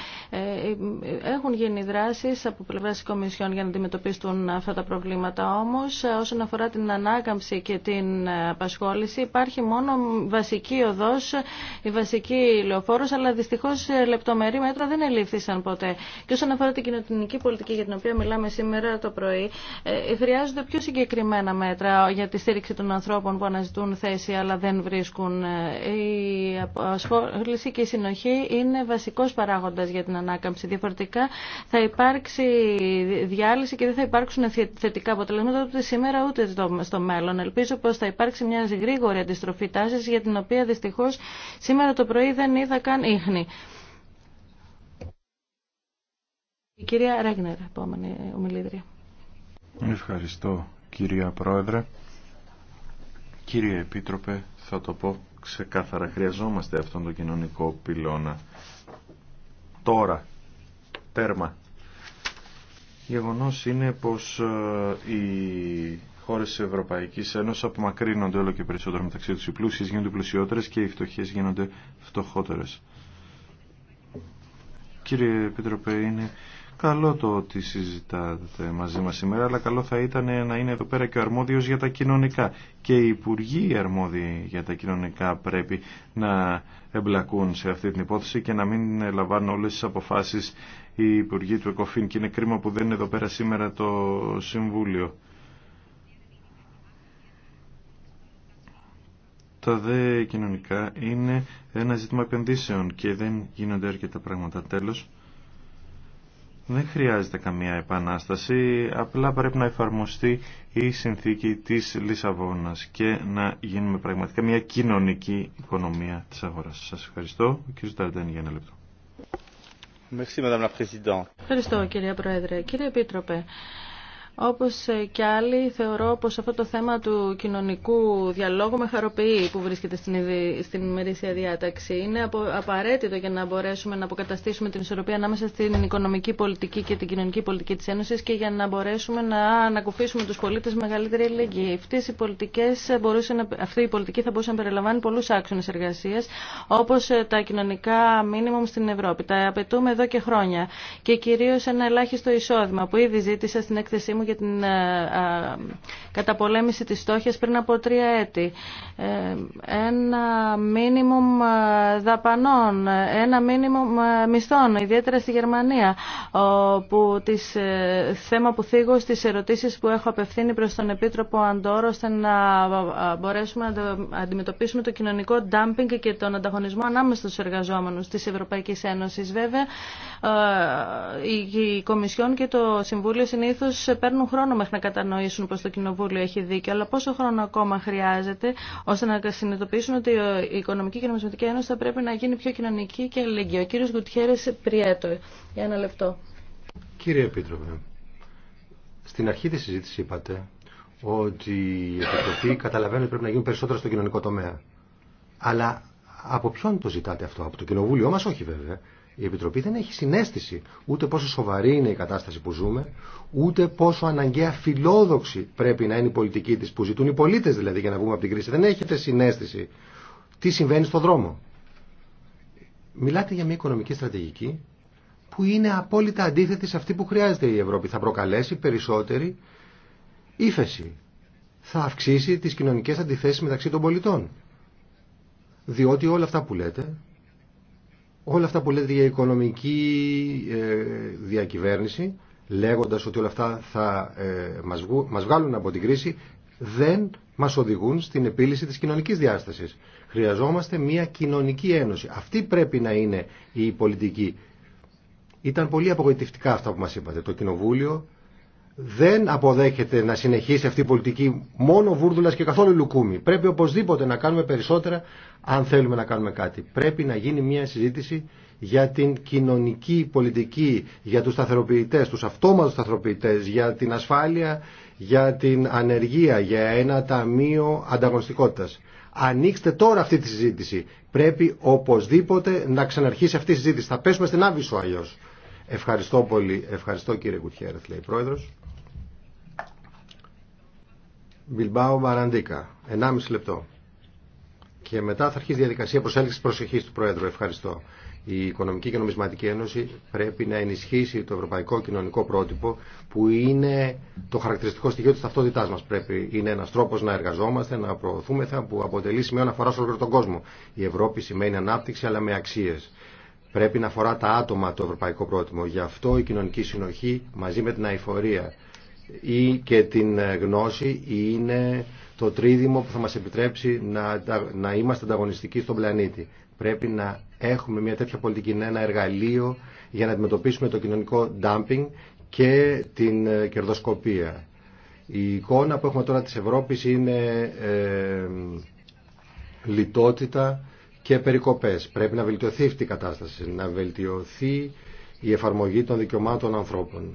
Έχουν γίνει δράσεις από πλευράς κομισιών για να αντιμετωπίσουν αυτά τα προβλήματα. Όμως, όσον αφορά την ανάκαμψη και την απασχόληση. Υπάρχει μόνο βασική οδός, η βασική λεωφόρος, αλλά δυστυχώς ε, λεπτομερή μέτρα δεν ελήφθησαν ποτέ. Και όσον αφορά την κοινωνική πολιτική για την οποία μιλάμε σήμερα το πρωί, ε, χρειάζονται πιο συγκεκριμένα μέτρα για τη στήριξη των ανθρώπων που αναζητούν θέση αλλά δεν βρίσκουν. Ε, η απασχόληση και η συνοχή είναι βασικός παράγοντας για την ανάκαμψη. Διαφορετικά θα υπάρξει διάλυση και δεν θα υπάρξουν θετικά αποτελέσματα ούτε σήμερα ούτε στο μέλλον. Ελπίζω πως θα υπάρξει μια γρήγορη αντιστροφή τάση για την οποία δυστυχώς σήμερα το πρωί δεν είδα καν ίχνη. Η κυρία Ρέγνερ, επόμενη ομιλήτρια. Ευχαριστώ κυρία Πρόεδρε. Κύριε Επίτροπε, θα το πω ξεκάθαρα, χρειαζόμαστε αυτόν τον κοινωνικό πυλώνα. Τώρα, τέρμα. Γεγονός είναι πως ε, η χώρες της Ευρωπαϊκής Ένωσης απομακρύνονται όλο και περισσότερο μεταξύ τους. Οι πλούσιες γίνονται πλουσιότερες και οι φτωχές γίνονται φτωχότερες. Κύριε Επίτροπε, είναι καλό το ότι συζητάτε μαζί μας σήμερα, αλλά καλό θα ήταν να είναι εδώ πέρα και ο αρμόδιος για τα κοινωνικά. Και οι υπουργοί αρμόδιοι για τα κοινωνικά πρέπει να εμπλακούν σε αυτή την υπόθεση και να μην λαμβάνουν όλες τις αποφάσεις οι υπουργοί του ΕΚΟΦΗΝ. Και είναι κρίμα που δεν είναι εδώ πέρα σήμερα το Συμβούλιο. Τα δε κοινωνικά είναι ένα ζήτημα επενδύσεων και δεν γίνονται αρκετά πράγματα. Τέλος, δεν χρειάζεται καμία επανάσταση, απλά πρέπει να εφαρμοστεί η συνθήκη της Λισαβόνας και να γίνουμε πραγματικά μια κοινωνική οικονομία της αγοράς. Σας ευχαριστώ. Ο κ. Ταρντένι, για ένα λεπτό. Ευχαριστώ κύριε Πρόεδρε. Κύριε Επίτροπε, όπως και άλλοι, θεωρώ πως αυτό το θέμα του κοινωνικού διαλόγου με χαροποιεί που βρίσκεται στην, στην ημερήσια διάταξη. Είναι απαραίτητο για να μπορέσουμε να αποκαταστήσουμε την ισορροπία ανάμεσα στην οικονομική πολιτική και την κοινωνική πολιτική της Ένωσης και για να μπορέσουμε να ανακουφίσουμε τους πολίτες μεγαλύτερη ελεγγύη. Αυτές οι πολιτικές αυτή η πολιτική θα μπορούσε να περιλαμβάνει πολλούς άξονες εργασίας, όπως ε, τα κοινωνικά μήνυμα στην Ευρώπη. Τα απαιτούμε εδώ και χρόνια και κυρίως ένα ελάχιστο εισόδημα που ήδη ζήτησα στην έκθεσή μου για την ε, ε, καταπολέμηση της στόχιας πριν από τρία έτη. Ε, ένα μίνιμουμ δαπανών, ένα μίνιμουμ μισθών, ιδιαίτερα στη Γερμανία, που τις, θέμα που θίγω στις ερωτήσεις που έχω απευθύνει προς τον Επίτροπο Αντόρο, ώστε να μπορέσουμε να αντιμετωπίσουμε το κοινωνικό ντάμπινγκ και τον ανταγωνισμό ανάμεσα στους εργαζόμενους της Ευρωπαϊκής Ένωσης. Βέβαια, η Κομισιόν και το Συμβούλιο συνήθως παίρνουν παίρνουν χρόνο μέχρι να κατανοήσουν πως το Κοινοβούλιο έχει δίκιο, αλλά πόσο χρόνο ακόμα χρειάζεται ώστε να συνειδητοποιήσουν ότι η Οικονομική και Νομισματική Ένωση θα πρέπει να γίνει πιο κοινωνική και αλληλεγγύη. Ο κύριος Γκουτιέρες Πριέτο, για ένα λεπτό. Κύριε Επίτροπε, στην αρχή της συζήτηση είπατε ότι η Επιτροπή καταλαβαίνει ότι πρέπει να γίνουν περισσότερα στο κοινωνικό τομέα. Αλλά από ποιον το ζητάτε αυτό, από το Κοινοβούλιο μας, όχι βέβαια. Η Επιτροπή δεν έχει συνέστηση ούτε πόσο σοβαρή είναι η κατάσταση που ζούμε, ούτε πόσο αναγκαία φιλόδοξη πρέπει να είναι η πολιτική τη που ζητούν οι πολίτε δηλαδή για να βγούμε από την κρίση. Δεν έχετε συνέστηση τι συμβαίνει στον δρόμο. Μιλάτε για μια οικονομική στρατηγική που είναι απόλυτα αντίθετη σε αυτή που χρειάζεται η Ευρώπη. Θα προκαλέσει περισσότερη ύφεση. Θα αυξήσει τι κοινωνικέ αντιθέσει μεταξύ των πολιτών. Διότι όλα αυτά που λέτε όλα αυτά που λέτε για οικονομική ε, διακυβέρνηση, λέγοντας ότι όλα αυτά θα ε, μας βγάλουν από την κρίση, δεν μας οδηγούν στην επίλυση της κοινωνικής διάστασης. Χρειαζόμαστε μια κοινωνική ένωση. Αυτή πρέπει να είναι η πολιτική. Ήταν πολύ απογοητευτικά αυτά που μας είπατε. Το Κοινοβούλιο δεν αποδέχεται να συνεχίσει αυτή η πολιτική μόνο βούρδουλα και καθόλου λουκούμι. Πρέπει οπωσδήποτε να κάνουμε περισσότερα αν θέλουμε να κάνουμε κάτι. Πρέπει να γίνει μια συζήτηση για την κοινωνική πολιτική, για τους σταθεροποιητές, τους αυτόματους σταθεροποιητές, για την ασφάλεια, για την ανεργία, για ένα ταμείο ανταγωνιστικότητας. Ανοίξτε τώρα αυτή τη συζήτηση. Πρέπει οπωσδήποτε να ξαναρχίσει αυτή η συζήτηση. Θα πέσουμε στην άβυσο αλλιώ. Ευχαριστώ πολύ. Ευχαριστώ κύριε Κουτιέρεθ, λέει πρόεδρος. Μπιλμπάο Μαραντίκα, 1,5 λεπτό. Και μετά θα αρχίσει η διαδικασία προσέλκυση προσοχή του Πρόεδρου. Ευχαριστώ. Η Οικονομική και Νομισματική Ένωση πρέπει να ενισχύσει το ευρωπαϊκό κοινωνικό πρότυπο που είναι το χαρακτηριστικό στοιχείο τη ταυτότητά μα. Πρέπει είναι ένα τρόπο να εργαζόμαστε, να προωθούμεθα που αποτελεί σημείο αναφορά σε όλο τον κόσμο. Η Ευρώπη σημαίνει ανάπτυξη αλλά με αξίε. Πρέπει να αφορά τα άτομα το ευρωπαϊκό πρότυπο. Γι' αυτό η κοινωνική συνοχή μαζί με την αηφορία ή και την ε, γνώση είναι το τρίδημο που θα μας επιτρέψει να, να είμαστε ανταγωνιστικοί στον πλανήτη. Πρέπει να έχουμε μια τέτοια πολιτική, ένα εργαλείο για να αντιμετωπίσουμε το κοινωνικό dumping και την ε, κερδοσκοπία. Η εικόνα που έχουμε τώρα της Ευρώπης είναι ε, λιτότητα και περικοπές. Πρέπει να βελτιωθεί αυτή η κατάσταση, να βελτιωθεί η εφαρμογή των δικαιωμάτων ανθρώπων.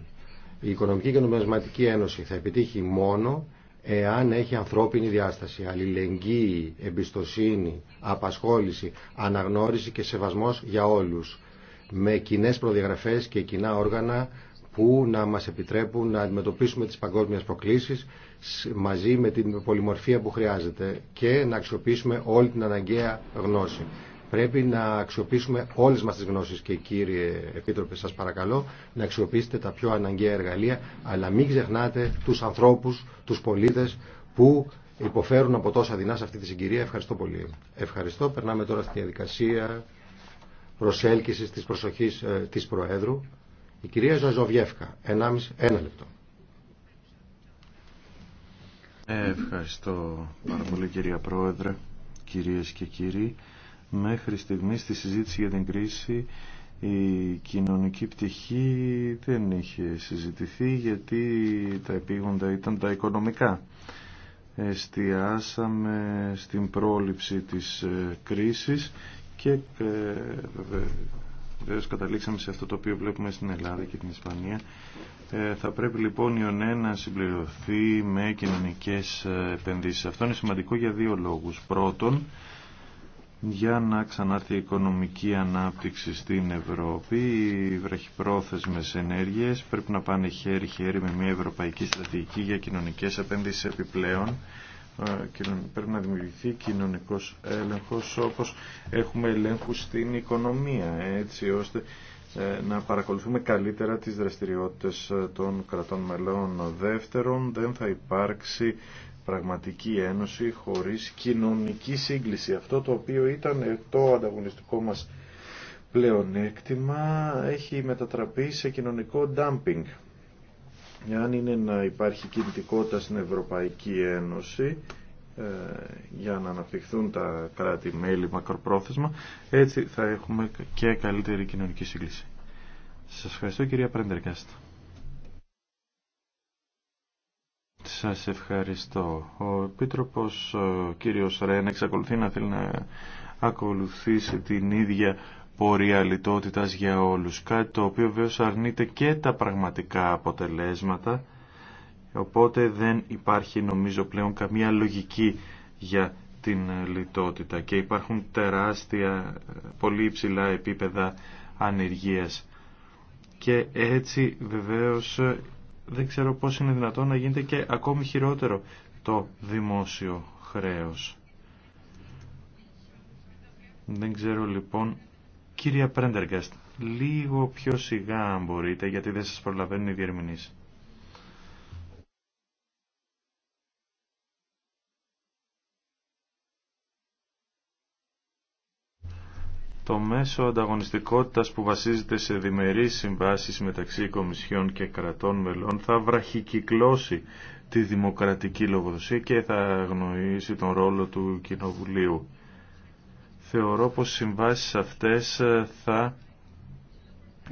Η Οικονομική και Νομισματική Ένωση θα επιτύχει μόνο εάν έχει ανθρώπινη διάσταση, αλληλεγγύη, εμπιστοσύνη, απασχόληση, αναγνώριση και σεβασμός για όλους, με κοινές προδιαγραφές και κοινά όργανα που να μας επιτρέπουν να αντιμετωπίσουμε τις παγκόσμιες προκλήσεις μαζί με την πολυμορφία που χρειάζεται και να αξιοποιήσουμε όλη την αναγκαία γνώση. Πρέπει να αξιοποιήσουμε όλες μας τις γνώσεις και κύριε Επίτροπε σας παρακαλώ να αξιοποιήσετε τα πιο αναγκαία εργαλεία αλλά μην ξεχνάτε τους ανθρώπους, τους πολίτες που υποφέρουν από τόσα δεινά σε αυτή τη συγκυρία. Ευχαριστώ πολύ. Ευχαριστώ. Περνάμε τώρα στη διαδικασία προσέλκυσης της προσοχή ε, της Προέδρου. Η κυρία Ζαζοβιέφκα, ένα λεπτό. Ε, ευχαριστώ πάρα πολύ κυρία Πρόεδρε, κυρίες και κύριοι. Μέχρι στιγμή στη συζήτηση για την κρίση η κοινωνική πτυχή δεν είχε συζητηθεί γιατί τα επίγοντα ήταν τα οικονομικά. Εστιάσαμε στην πρόληψη της ε, κρίσης και ε, βέβαια καταλήξαμε σε αυτό το οποίο βλέπουμε στην Ελλάδα και την Ισπανία. Ε, θα πρέπει λοιπόν η ΟΝΕ να συμπληρωθεί με κοινωνικές επενδύσεις. Αυτό είναι σημαντικό για δύο λόγους. Πρώτον, για να ξανάρθει η οικονομική ανάπτυξη στην Ευρώπη. Οι βραχυπρόθεσμες ενέργειες πρέπει να πάνε χέρι-χέρι με μια ευρωπαϊκή στρατηγική για κοινωνικές επένδυσεις επιπλέον. Ε, πρέπει να δημιουργηθεί κοινωνικός έλεγχος όπως έχουμε ελέγχου στην οικονομία έτσι ώστε ε, να παρακολουθούμε καλύτερα τις δραστηριότητες ε, των κρατών μελών. Δεύτερον, δεν θα υπάρξει πραγματική ένωση χωρίς κοινωνική σύγκληση. Αυτό το οποίο ήταν το ανταγωνιστικό μας πλεονέκτημα έχει μετατραπεί σε κοινωνικό ντάμπινγκ. Αν είναι να υπάρχει κινητικότητα στην Ευρωπαϊκή Ένωση ε, για να αναπτυχθούν τα κράτη-μέλη μακροπρόθεσμα, έτσι θα έχουμε και καλύτερη κοινωνική σύγκληση. Σας ευχαριστώ κυρία -Κάστα. Σας ευχαριστώ. Ο Επίτροπος ο κύριος Ρέν εξακολουθεί να θέλει να ακολουθήσει την ίδια πορεία λιτότητας για όλους. Κάτι το οποίο βέβαια αρνείται και τα πραγματικά αποτελέσματα. Οπότε δεν υπάρχει νομίζω πλέον καμία λογική για την λιτότητα και υπάρχουν τεράστια, πολύ υψηλά επίπεδα ανεργίας. Και έτσι βεβαίως δεν ξέρω πώς είναι δυνατόν να γίνεται και ακόμη χειρότερο το δημόσιο χρέος. Δεν ξέρω λοιπόν, κύρια Πρέντεργκαστ, λίγο πιο σιγά αν μπορείτε, γιατί δεν σας προλαβαίνουν οι διερμηνείς. το μέσο ανταγωνιστικότητας που βασίζεται σε διμερείς συμβάσεις μεταξύ κομισιών και κρατών μελών θα βραχικυκλώσει τη δημοκρατική λογοδοσία και θα αγνοήσει τον ρόλο του Κοινοβουλίου. Θεωρώ πως συμβάσεις αυτές θα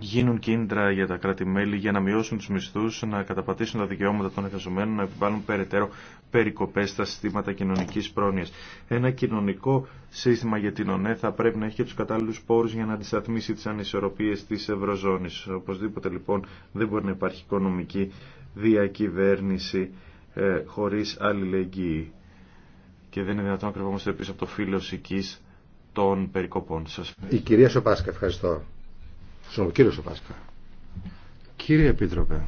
γίνουν κίνητρα για τα κράτη-μέλη για να μειώσουν τους μισθούς, να καταπατήσουν τα δικαιώματα των εργαζομένων, να επιβάλλουν περαιτέρω περικοπές στα συστήματα κοινωνικής πρόνοιας. Ένα κοινωνικό σύστημα για την ΟΝΕ θα πρέπει να έχει και τους κατάλληλους πόρους για να αντισταθμίσει τις ανισορροπίες της Ευρωζώνης. Οπωσδήποτε λοιπόν δεν μπορεί να υπάρχει οικονομική διακυβέρνηση ε, χωρίς αλληλεγγύη. Και δεν είναι δυνατόν να κρυβόμαστε πίσω από το φύλλο των περικοπών. Σας... Η κυρία Σοπάσκα, ευχαριστώ. Κύριο Κύριε Επίτροπε,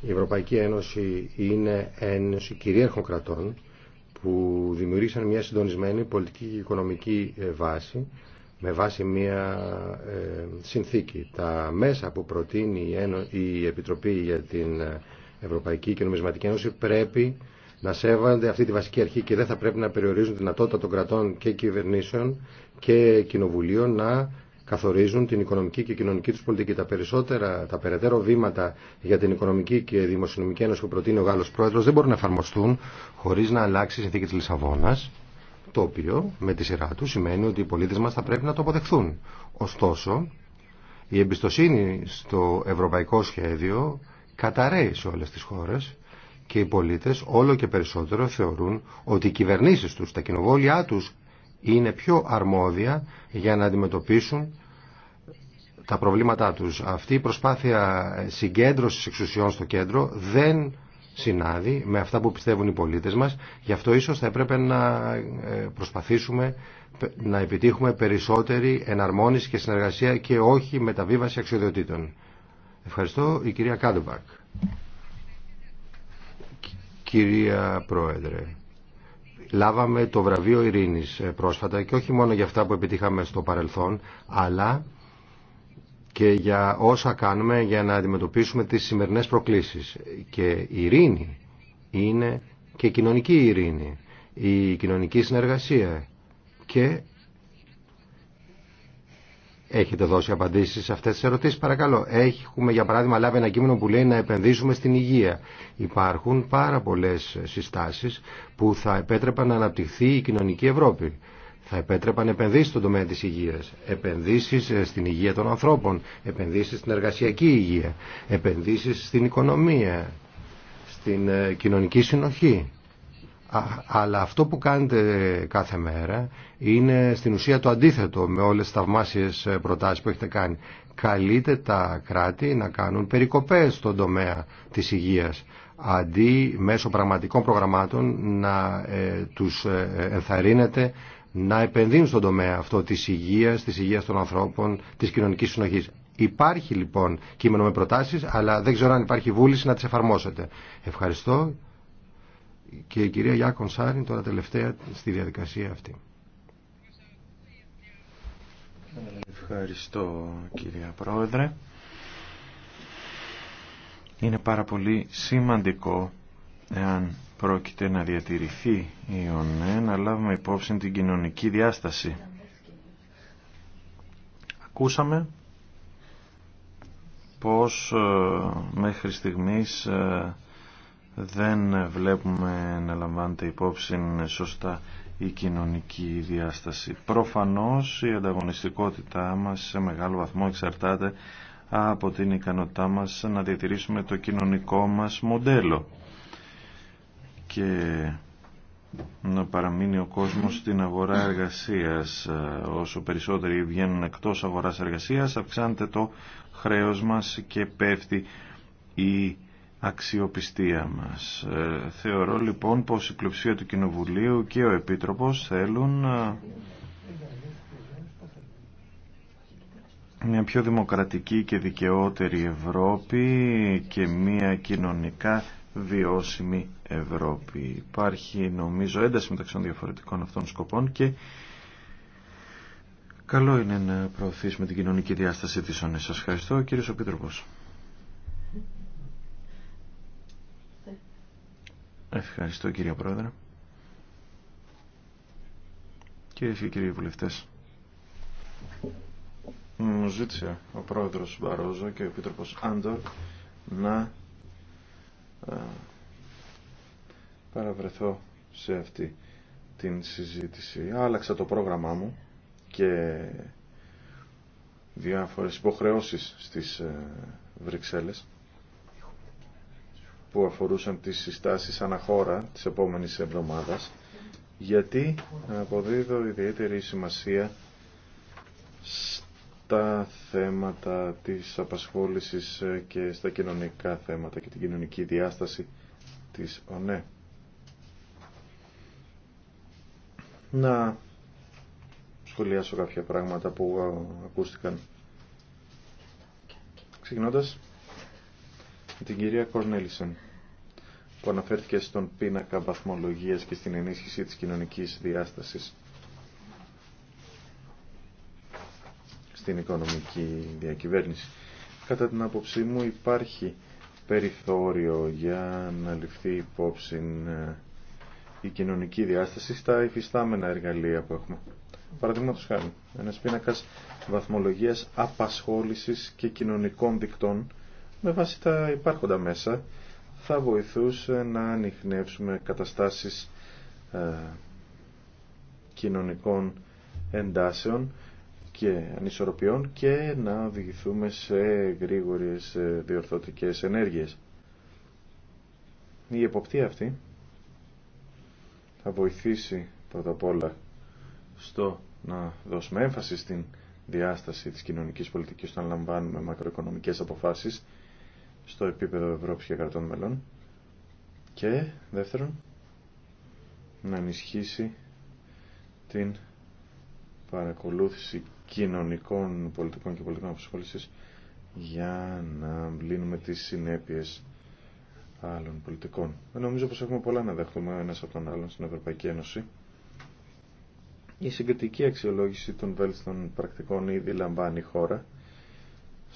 η Ευρωπαϊκή Ένωση είναι ένωση κυρίαρχων κρατών που δημιουργήσαν μια συντονισμένη πολιτική και οικονομική ε, βάση με βάση μια ε, συνθήκη. Τα μέσα που προτείνει η Επιτροπή για την Ευρωπαϊκή και Νομισματική Ένωση πρέπει να σέβονται αυτή τη βασική αρχή και δεν θα πρέπει να περιορίζουν τη δυνατότητα των κρατών και κυβερνήσεων και κοινοβουλίων να καθορίζουν την οικονομική και κοινωνική του πολιτική. Τα περισσότερα, τα περαιτέρω βήματα για την οικονομική και δημοσιονομική ένωση που προτείνει ο Γάλλο πρόεδρο δεν μπορούν να εφαρμοστούν χωρί να αλλάξει η συνθήκη τη Λισαβόνα, το οποίο με τη σειρά του σημαίνει ότι οι πολίτε μα θα πρέπει να το αποδεχθούν. Ωστόσο, η εμπιστοσύνη στο ευρωπαϊκό σχέδιο καταραίει σε όλε τι χώρε και οι πολίτες όλο και περισσότερο θεωρούν ότι οι κυβερνήσεις τους, τα κοινοβόλια τους είναι πιο αρμόδια για να αντιμετωπίσουν τα προβλήματά τους. Αυτή η προσπάθεια συγκέντρωσης εξουσιών στο κέντρο δεν συνάδει με αυτά που πιστεύουν οι πολίτες μας. Γι' αυτό ίσως θα έπρεπε να ε, προσπαθήσουμε να επιτύχουμε περισσότερη εναρμόνιση και συνεργασία και όχι μεταβίβαση αξιοδιοτήτων. Ευχαριστώ η κυρία Κάντεμπακ. Κυρία Πρόεδρε, λάβαμε το βραβείο ειρήνης ε, πρόσφατα και όχι μόνο για αυτά που επιτύχαμε στο παρελθόν, αλλά και για όσα κάνουμε για να αντιμετωπίσουμε τις σημερινές προκλήσεις. Και η ειρήνη είναι και κοινωνική ειρήνη, η κοινωνική συνεργασία και Έχετε δώσει απαντήσει σε αυτέ τι ερωτήσει, παρακαλώ. Έχουμε, για παράδειγμα, λάβει ένα κείμενο που λέει να επενδύσουμε στην υγεία. Υπάρχουν πάρα πολλέ συστάσει που θα επέτρεπαν να αναπτυχθεί η κοινωνική Ευρώπη. Θα επέτρεπαν επενδύσει στον τομέα τη υγεία, επενδύσει στην υγεία των ανθρώπων, επενδύσει στην εργασιακή υγεία, επενδύσει στην οικονομία, στην ε, κοινωνική συνοχή αλλά αυτό που κάνετε κάθε μέρα είναι στην ουσία το αντίθετο με όλες τις θαυμάσιες ε, προτάσεις που έχετε κάνει. Καλείτε τα κράτη να κάνουν περικοπές στον τομέα της υγείας αντί μέσω πραγματικών προγραμμάτων να ε, τους ε, ενθαρρύνετε να επενδύουν στον τομέα αυτό της υγείας, της υγείας των ανθρώπων, της κοινωνικής συνοχής. Υπάρχει λοιπόν κείμενο με προτάσεις, αλλά δεν ξέρω αν υπάρχει βούληση να τις εφαρμόσετε. Ευχαριστώ και η κυρία Γιάκον Σάριν τώρα τελευταία στη διαδικασία αυτή. Ευχαριστώ κυρία Πρόεδρε. Είναι πάρα πολύ σημαντικό εάν πρόκειται να διατηρηθεί η ΟΝΕ να λάβουμε υπόψη την κοινωνική διάσταση. Ακούσαμε πως ε, μέχρι στιγμής ε, δεν βλέπουμε να λαμβάνεται υπόψη σωστά η κοινωνική διάσταση. Προφανώς η ανταγωνιστικότητά μας σε μεγάλο βαθμό εξαρτάται από την ικανότητά μας να διατηρήσουμε το κοινωνικό μας μοντέλο και να παραμείνει ο κόσμος στην αγορά εργασίας. Όσο περισσότεροι βγαίνουν εκτός αγοράς εργασίας αυξάνεται το χρέος μας και πέφτει η αξιοπιστία μας. Ε, θεωρώ λοιπόν πως η πλειοψηφία του Κοινοβουλίου και ο Επίτροπος θέλουν ε, μια πιο δημοκρατική και δικαιότερη Ευρώπη και μια κοινωνικά βιώσιμη Ευρώπη. Υπάρχει νομίζω ένταση μεταξύ των διαφορετικών αυτών σκοπών και καλό είναι να προωθήσουμε την κοινωνική διάσταση της ΩΝΕΣ. Σας ευχαριστώ κύριος Επίτροπος. Ευχαριστώ κύριε Πρόεδρε. Κύριε και κύριοι βουλευτές, μου ζήτησε ο πρόεδρος Μπαρόζο και ο επίτροπος Άντορ να ε, παραβρεθώ σε αυτή την συζήτηση. Άλλαξα το πρόγραμμά μου και διάφορες υποχρεώσεις στις ε, Βρυξέλλες που αφορούσαν τις συστάσεις αναχώρα της επόμενης εβδομάδας γιατί αποδίδω ιδιαίτερη σημασία στα θέματα της απασχόλησης και στα κοινωνικά θέματα και την κοινωνική διάσταση της ΟΝΕ. Να σχολιάσω κάποια πράγματα που ακούστηκαν. Ξεκινώντας την κυρία Κορνέλισεν που αναφέρθηκε στον πίνακα βαθμολογίας και στην ενίσχυση της κοινωνικής διάστασης στην οικονομική διακυβέρνηση. Κατά την άποψή μου υπάρχει περιθώριο για να ληφθεί υπόψη ε, η κοινωνική διάσταση στα υφιστάμενα εργαλεία που έχουμε. Παραδείγματο χάρη, ένα πίνακα βαθμολογία απασχόληση και κοινωνικών δικτών με βάση τα υπάρχοντα μέσα θα βοηθούσε να ανοιχνεύσουμε καταστάσεις ε, κοινωνικών εντάσεων και ανισορροπιών και να οδηγηθούμε σε γρήγορες ε, διορθωτικές ενέργειες. Η εποπτεία αυτή θα βοηθήσει πρώτα απ' όλα στο να δώσουμε έμφαση στην διάσταση της κοινωνικής πολιτικής όταν λαμβάνουμε μακροοικονομικές αποφάσεις στο επίπεδο Ευρώπης και κρατών μελών και δεύτερον να ενισχύσει την παρακολούθηση κοινωνικών πολιτικών και πολιτικών αποσχόλησης για να μπλύνουμε τις συνέπειες άλλων πολιτικών. Νομίζω πως έχουμε πολλά να δεχτούμε ένας από τον άλλον στην Ευρωπαϊκή Ένωση. Η συγκριτική αξιολόγηση των βέλτιστων πρακτικών ήδη λαμβάνει η χώρα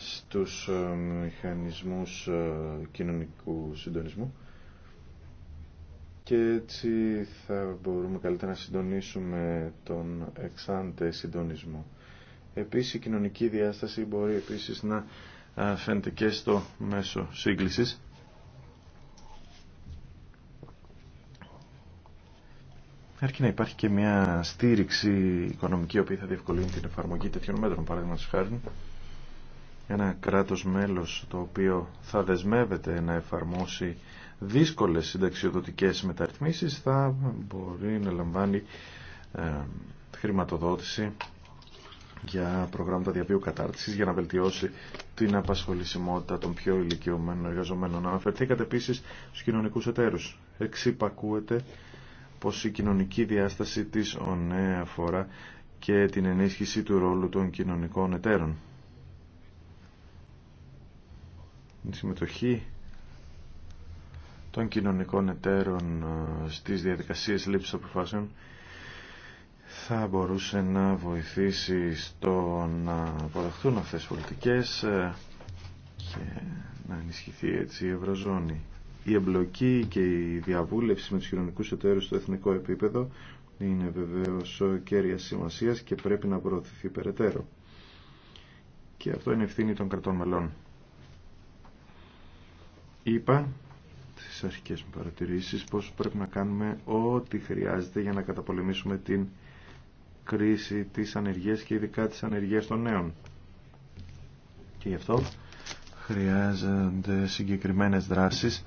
στους ε, μηχανισμούς ε, κοινωνικού συντονισμού και έτσι θα μπορούμε καλύτερα να συντονίσουμε τον εξάντε συντονισμό. Επίσης η κοινωνική διάσταση μπορεί επίσης να ε, φαίνεται και στο μέσο σύγκλησης. Αρκεί να υπάρχει και μια στήριξη οικονομική, η οποία θα διευκολύνει την εφαρμογή τέτοιων μέτρων, παράδειγμα χάρη ένα κράτος μέλος το οποίο θα δεσμεύεται να εφαρμόσει δύσκολες συνταξιοδοτικές μεταρρυθμίσεις θα μπορεί να λαμβάνει ε, χρηματοδότηση για προγράμματα διαβίου κατάρτισης για να βελτιώσει την απασχολησιμότητα των πιο ηλικιωμένων εργαζομένων. Αναφερθήκατε επίσης στους κοινωνικούς εταίρους. Εξυπακούεται πως η κοινωνική διάσταση της ΟΝΕ αφορά και την ενίσχυση του ρόλου των κοινωνικών εταίρων. η συμμετοχή των κοινωνικών εταίρων ε, στις διαδικασίες λήψης αποφάσεων θα μπορούσε να βοηθήσει στο να αποδεχθούν αυτές οι πολιτικές ε, και να ενισχυθεί έτσι η Ευρωζώνη. Η εμπλοκή και η διαβούλευση με τους κοινωνικούς εταίρους στο εθνικό επίπεδο είναι βεβαίως κέρια σημασίας και πρέπει να προωθηθεί περαιτέρω. Και αυτό είναι ευθύνη των κρατών μελών είπα στις αρχικές μου παρατηρήσεις πως πρέπει να κάνουμε ό,τι χρειάζεται για να καταπολεμήσουμε την κρίση της ανεργίας και ειδικά της ανεργίας των νέων. Και γι' αυτό χρειάζονται συγκεκριμένες δράσεις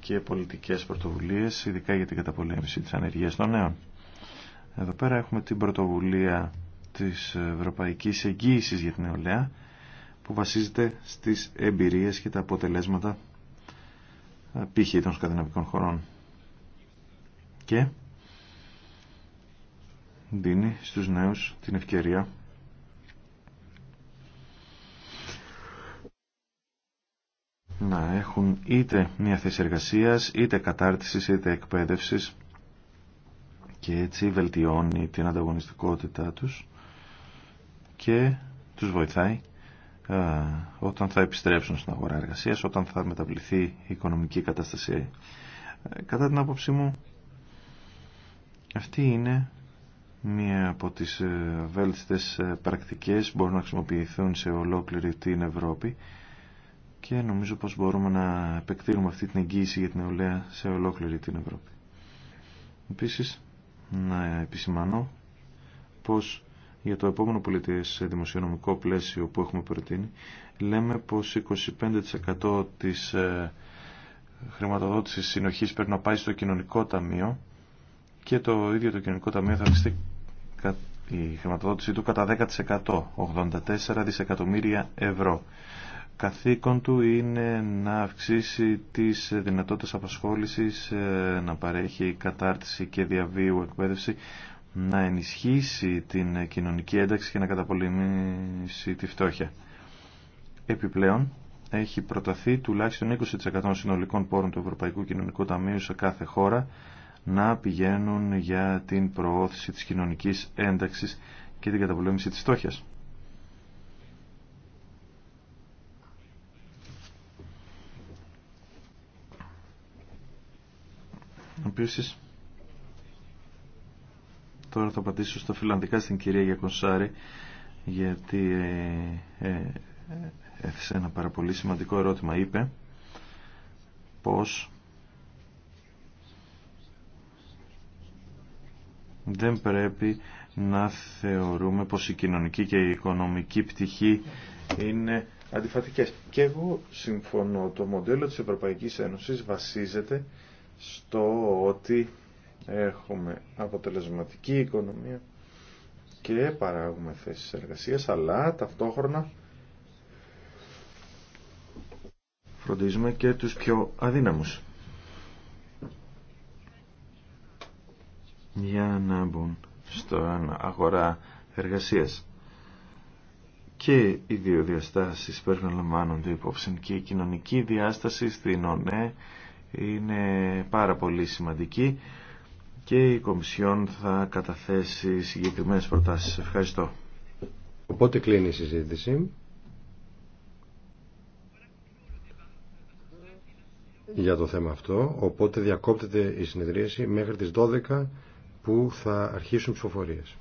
και πολιτικές πρωτοβουλίες, ειδικά για την καταπολέμηση της ανεργίας των νέων. Εδώ πέρα έχουμε την πρωτοβουλία της Ευρωπαϊκής Εγγύησης για την Νεολαία, που βασίζεται στις εμπειρίες και τα αποτελέσματα πύχη των σκανδιναβικών χωρών και δίνει στους νέους την ευκαιρία να έχουν είτε μια θέση εργασίας, είτε κατάρτισης, είτε εκπαίδευσης και έτσι βελτιώνει την ανταγωνιστικότητά τους και τους βοηθάει όταν θα επιστρέψουν στην αγορά εργασίας, όταν θα μεταβληθεί η οικονομική κατάσταση. Ε, κατά την άποψή μου, αυτή είναι μία από τις ε, βέλτιστες ε, πρακτικές που μπορούν να χρησιμοποιηθούν σε ολόκληρη την Ευρώπη και νομίζω πως μπορούμε να επεκτείνουμε αυτή την εγγύηση για την νεολαία σε ολόκληρη την Ευρώπη. Επίσης, να επισημανώ πως για το επόμενο σε δημοσιονομικό πλαίσιο που έχουμε προτείνει λέμε πως 25% της ε, χρηματοδότησης συνοχής πρέπει να πάει στο κοινωνικό ταμείο και το ίδιο το κοινωνικό ταμείο θα αυξηθεί η χρηματοδότησή του κατά 10%, 84 δισεκατομμύρια ευρώ. Καθήκον του είναι να αυξήσει τις δυνατότητες απασχόλησης, ε, να παρέχει κατάρτιση και διαβίου εκπαίδευση να ενισχύσει την κοινωνική ένταξη και να καταπολεμήσει τη φτώχεια. Επιπλέον, έχει προταθεί τουλάχιστον 20% συνολικών πόρων του Ευρωπαϊκού Κοινωνικού Ταμείου σε κάθε χώρα να πηγαίνουν για την προώθηση της κοινωνικής ένταξης και την καταπολέμηση της φτώχειας. Επίσης, Τώρα θα πατήσω στα φιλανδικά στην κυρία Γιακονσάρη γιατί ε, ε, ένα πάρα πολύ σημαντικό ερώτημα. Είπε πως δεν πρέπει να θεωρούμε πως η κοινωνική και η οικονομική πτυχή είναι αντιφατικές. Και εγώ συμφωνώ, το μοντέλο της Ευρωπαϊκής Ένωσης βασίζεται στο ότι έχουμε αποτελεσματική οικονομία και παράγουμε θέσεις εργασίας, αλλά ταυτόχρονα φροντίζουμε και τους πιο αδύναμους. Για να μπουν στο αγορά εργασίας. Και οι δύο διαστάσεις πρέπει λαμβάνονται υπόψη και η κοινωνική διάσταση στην ΩΝΕ είναι πάρα πολύ σημαντική και η Κομισιόν θα καταθέσει συγκεκριμένες προτάσεις. Ευχαριστώ. Οπότε κλείνει η συζήτηση. για το θέμα αυτό, οπότε διακόπτεται η συνεδρίαση μέχρι τις 12 που θα αρχίσουν ψηφοφορίες.